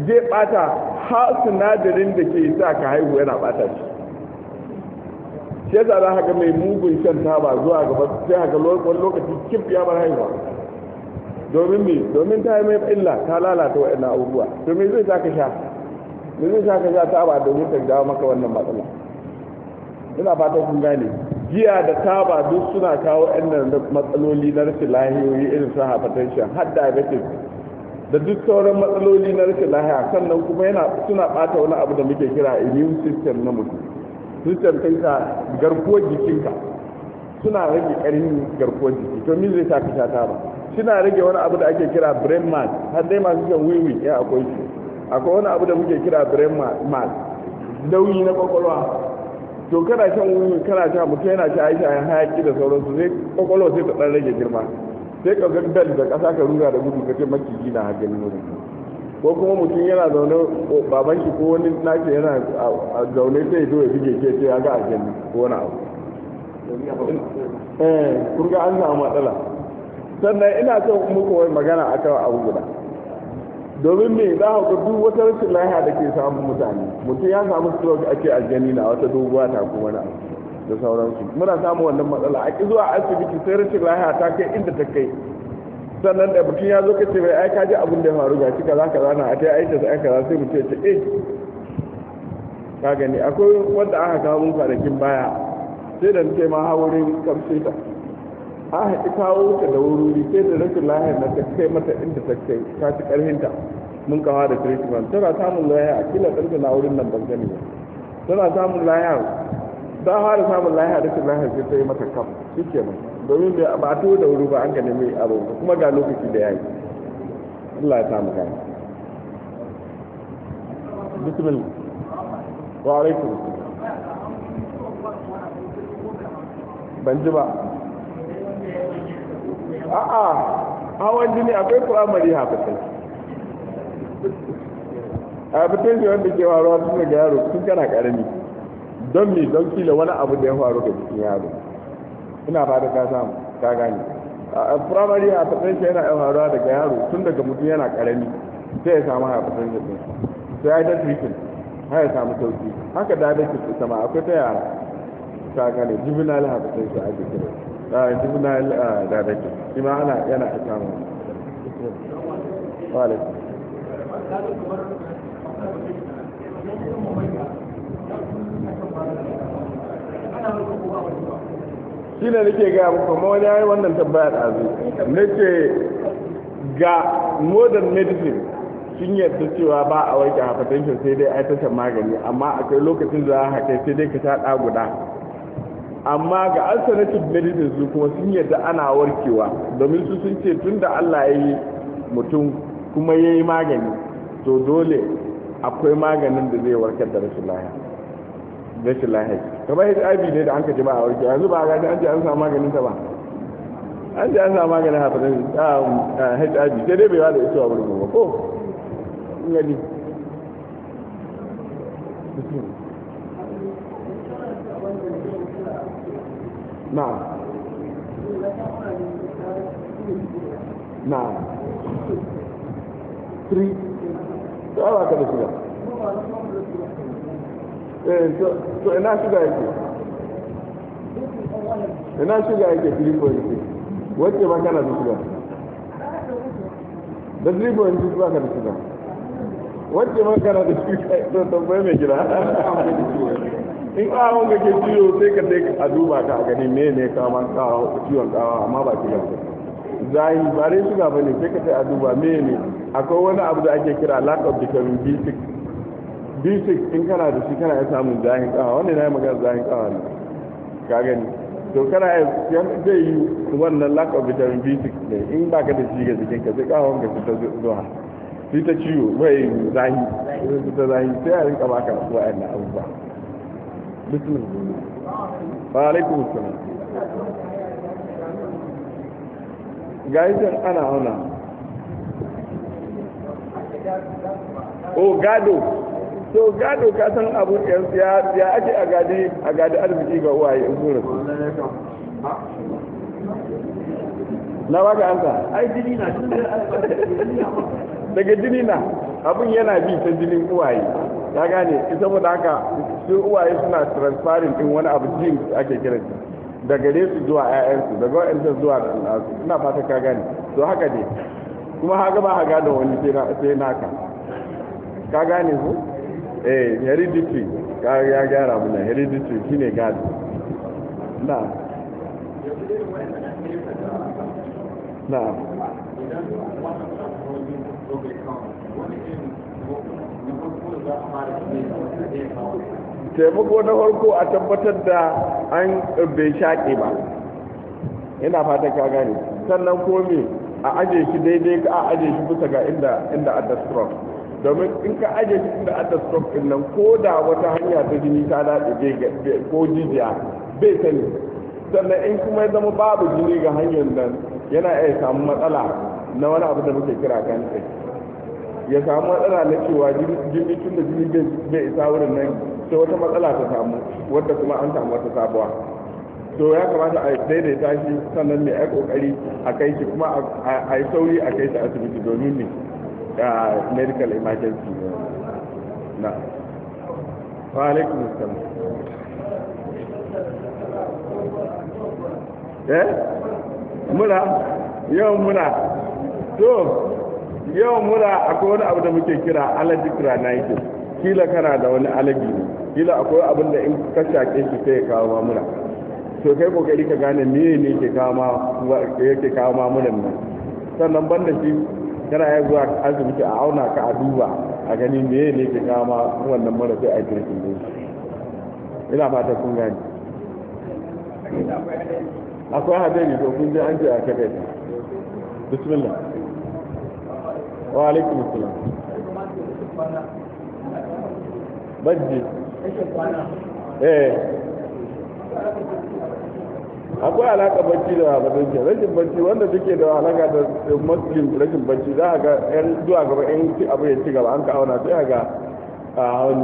Speaker 2: zai bata har sinadarin da ke sa ka haihu yana bata shi sai za a ga mai mugun shan taba zuwa gaba sai haka wani lokaci kif ya bar haihuwa domin me domin ta yi mai illa ta lalata ina abubuwa domin zai sa ka sha me zai sa ka sha taba domin ta dawo maka wannan matsala ina fatan kun gane jiya da taba duk suna kawo wa'annan matsaloli na rashin lahiyoyi irin su hypertension har diabetes da duk sauran matsaloli na rashin lahiya sannan kuma yana suna bata wani abu da muke kira immune system na mutum zuciyar kai ta garkuwar jikinka suna rage karin garkuwar jiki to min zai sa ka sha suna rage wani abu da ake kira brain mass har dai masu ga wiwi ya eh, akwai shi akwai wani abu da muke kira brain mass nauyi na kwakwalwa to kana shan wiwi kana sha mutum yana sha aisha ya hayaki da sauransu sai kwakwalwa sai ta ɗan rage girma sai ka ga dal da ƙasa ka ruga da gudu ka ce maciji na hajjali wurin ko kuma mutum yana zaune baban shi ko wani naki yana a zaune sai zo ya bige ke sai ya ga aljanni ko wani abu eh kun ga an samu matsala sannan ina so muku wai magana akan abu guda domin me za ku duk wata rashin lahiya da ke samun mutane mutum ya samu stroke ake aljani na wata doguwa ta kuma na da sauransu muna samun wannan matsala a ki zuwa asibiti sai rashin lahiya ta kai inda ta kai sannan da mutum ya zo kace mai ai ka ji abin da ya faru shi kaza kaza na a tai sa sai kaza sai mutum ya ce eh ka gani akwai wanda aka kawo mun kwanakin baya sai da nake ma hawurin kamshe ta an ki kawo ta da wuri sai da rashin lahiyar na ta kai mata inda ta kai ta ci ta mun kawo da treatment tana samun lahiya a kila ɗarfe na wurin nan ban gani tana samun lahiya ta fara samun lahiya rashin lahiya sai ta yi mata kam shi ke mai domin ba a tuwo da wuri ba an ka nemi abu kuma ga lokaci da yayi Allah ya samu kai bismillah wa alaikum ban ji ba a'a hawan jini akwai firamare fitar a fitar ne wanda ke faruwa tun ga yaro tun kana karami don me don kila wani abu da ya faru da jikin yaro ina ba da ka samu ka gani a firamare a shi yana yan faruwa daga yaro tun daga mutum yana karami sai ya samu haifafin jikin sai ya da trikin har ya samu sauki haka da da kitu sama akwai ta yara ka gane juvenile haifafin shi ake kira da juvenile da da kitu shi ma ana yana a samu walaikun
Speaker 1: ana wani kuma
Speaker 2: shi ne nake ga muku kuma wani yayi wannan tambaya da azu nake ga modern medicine sun yarda cewa ba a warke hypertension sai dai ai magani amma akwai lokacin da za kai sai dai ka sha ɗa guda amma ga alternative medicine su kuma sun yarda ana warkewa domin su sun ce tun da Allah ya yi mutum kuma ya yi magani to dole akwai maganin da zai warkar da rashin lafiya rashin lahiya kamar hiv ne da an ka jima a warke yanzu ba a gani an ji an sa maganin ta ba an ji an sa maganin hafinin um, uh, hiv sai dai wada da isuwa wurin ba ko ngani
Speaker 1: na'am na'am
Speaker 2: three ta ba ka da Eh, to ina shuga yake
Speaker 1: ina shuga yake
Speaker 2: 3.6 wacce ba kana da shuga da 3.6 ba ka da shuga wacce ba kana da shuga to tambaye mai gida in awon ga ke ciwo sai ka dai a duba ka a gani me ne kama kawo ciwon kawa amma ba ki gaba zai ba dai shuga ne sai ka sai a duba me ne akwai wani abu da ake kira lack of vitamin B6 b6 in kana da shi kana ya samun zahin kawa wanda na yi magana zahin kawa ne ka gani to kana ya zai yi wannan lack of vitamin b6 ne in ba ka da shi ga jikinka sai wanda su ta zuwa su ta ciwo bai zahi su ta zahi sai a rinka baka su na abubuwa bismillah ba alaikum assalam ga yi ana auna o oh, gado to gado ka san abu ya ake a gadi a gadi arziki ga uwaye in sun rasu na ga ansa ai jini na daga jini na abun yana bi ta jinin uwaye ya gane saboda haka su uwaye suna transferring din wani abu jin ake kiran daga gare su zuwa 'ya'yansu daga wa'yansu zuwa nasu ina fata ka gane to haka dị kuma haka ba haka da wani sai naka ka gane su eh heredity ya gyara na, heredity shine gado na na taimako na farko a tabbatar da an bai shaƙe ba ina fata ka gane sannan komi a aje shi daidai ka a aje shi bisa ga inda inda adda stroke domin in ka ajiye shi da adda stroke din nan ko da wata hanya ta jini ta dace ko jijiya bai sani sannan in kuma ya zama babu jini ga hanyar nan yana iya samu matsala na wani abu da muke kira kanta ya samu matsala na cewa jini tun da jini bai isa wurin nan sai wata matsala ta samu wadda kuma an samu wata sabuwa to ya kamata a daidaita shi sannan mai ai kokari a kai shi kuma a yi sauri a kai shi asibiti domin ne medical emergency na wa alaikum eh mura yawan mura to yawan mura akwai wani abu da muke kira na yake kila kana da wani allergy ne kila akwai abin da in ka shaƙe shi sai ya kawo mura to kai kokari ka gane meye ne ke kawo ma yake kawo ma sannan banda shi kana ya zuwa asibiti a auna ka a duba a gani meye ne ke kama wannan mara sai a kirkin ne ina fata kun gani akwai hadari to kun ji an ce a kaɗai bismillah
Speaker 1: wa alaikum assalam bajji
Speaker 2: eh akwai alaka bacci da wahabadanci rashin bacci wanda suke da alaka da muslim rashin bacci za a ga yan zuwa gaba yan ci abu ya ci gaba an ka auna sai a ga eh,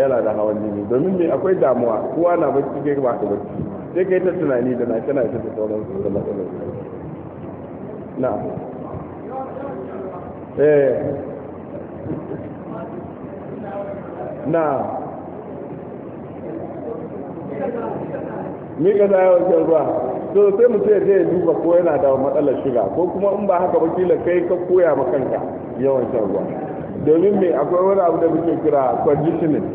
Speaker 2: yana da hawan jini domin me akwai damuwa kowa na bacci kai ba ka bacci sai kai ta tunani da na kana ita da sauran su da matsalar na eh na me ka za yawan ruwa to sai mutum ya je ya duba ko yana da matsalar shiga ko kuma in ba haka ba kila kai ka koya ma kanka yawan shan ruwa domin me akwai wani abu da muke kira conditioning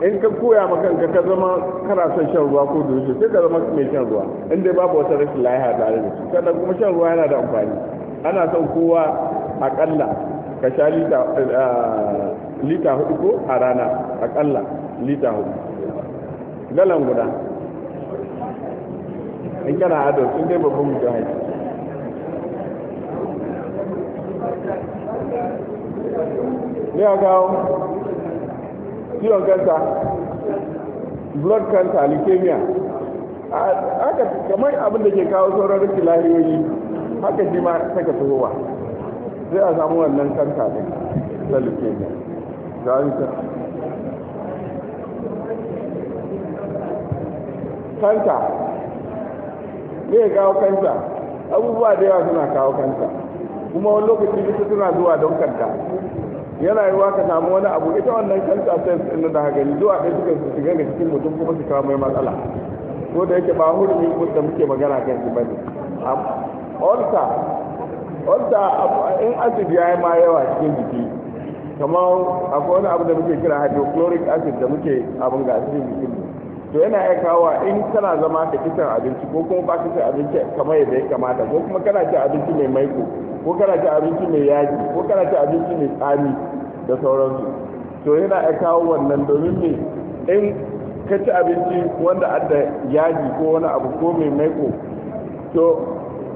Speaker 2: in ka koya ma kanka ka zama kana son shan ruwa ko da sai ka zama mai shan ruwa in dai babu wata rashin lafiya tare da su. sannan kuma shan ruwa yana da amfani ana son kowa akalla ka sha lita eh, lita hudu ko a rana akalla lita hudu galan guda
Speaker 1: in kana adal in dai babban mujahid
Speaker 2: ne a gawo ciwon kansa blood cancer leukemia haka kamar abin da ke kawo sauran rikin lahiyoyi haka shi ma saka tuhowa sai a samu wannan kanta ne ta leukemia ga kanta. zai kawo kansa abubuwa da yawa suna kawo kansa kuma wani lokaci ita suna zuwa don kanta yana yiwuwa ka samu wani abu ita wannan kanta sai inda da haka zuwa ɗaya suka su shiga ga cikin mutum kuma su kawo mai matsala ko da yake ba hurumi da muke magana kan shi bane olta olta in ya yi ma yawa cikin jiki kamar akwai wani abu da muke kira hydrochloric acid da muke abin ga to yana ya kawo in kana zama ka ci abinci ko kuma ba ka cin abinci kamar yadda ya kamata ko kuma kana cin abinci mai maiko ko kana cin abinci mai yaji ko kana cin abinci mai tsami da sauransu to yana ya kawo wannan domin ne in ka ci abinci wanda adda yaji ko wani abu ko mai maiko to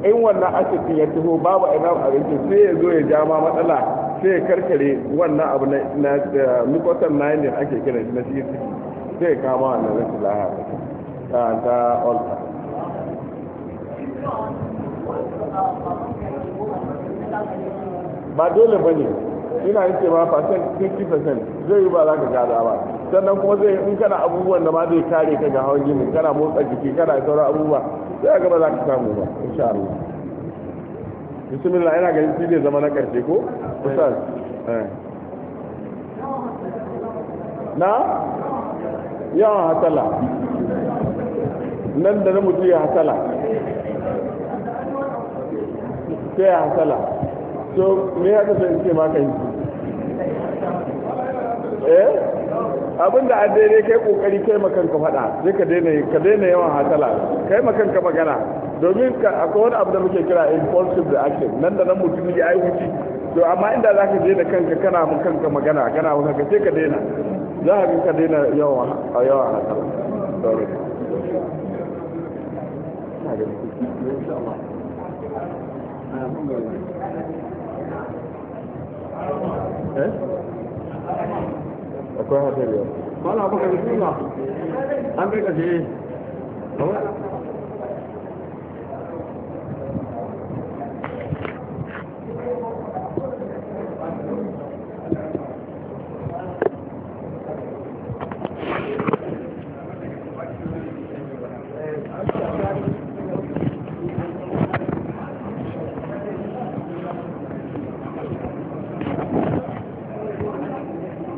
Speaker 2: in wannan asibitin ya taho babu ina abinci sai ya zo ya ja ma matsala sai ya karkare wannan abu na eh, mucosan 9 ake kira na shi zai kama wannan rashin lahiya ta ta olta
Speaker 1: ba dole ba ne ina yake ma fasen
Speaker 2: 50% zai yi ba za ka gada ba sannan kuma zai in kana abubuwan da ma zai kare ka ga hawan jini kana motsa jiki kana sauran abubuwa sai ga ba za ka samu ba insha Allah bismillah ina ganin shi ne zama na karshe ko eh. ustaz eh. na yawan hasala nan da na mutu ya hasala sai ya hasala so me ya kasa in ce ma yi? eh abin da daidai kai kokari kai makanka faɗa sai ka daina ka daina yawan hasala kai makanka magana domin ka akwai wani abu da muke kira impulsive reaction nan da nan mutum ya wuci to amma inda za ka je da kanka kana mun kanka magana kana mu kanka sai ka daina za a ka daina yawa a yawa haka
Speaker 1: eh?
Speaker 2: akwai yau an bai kashe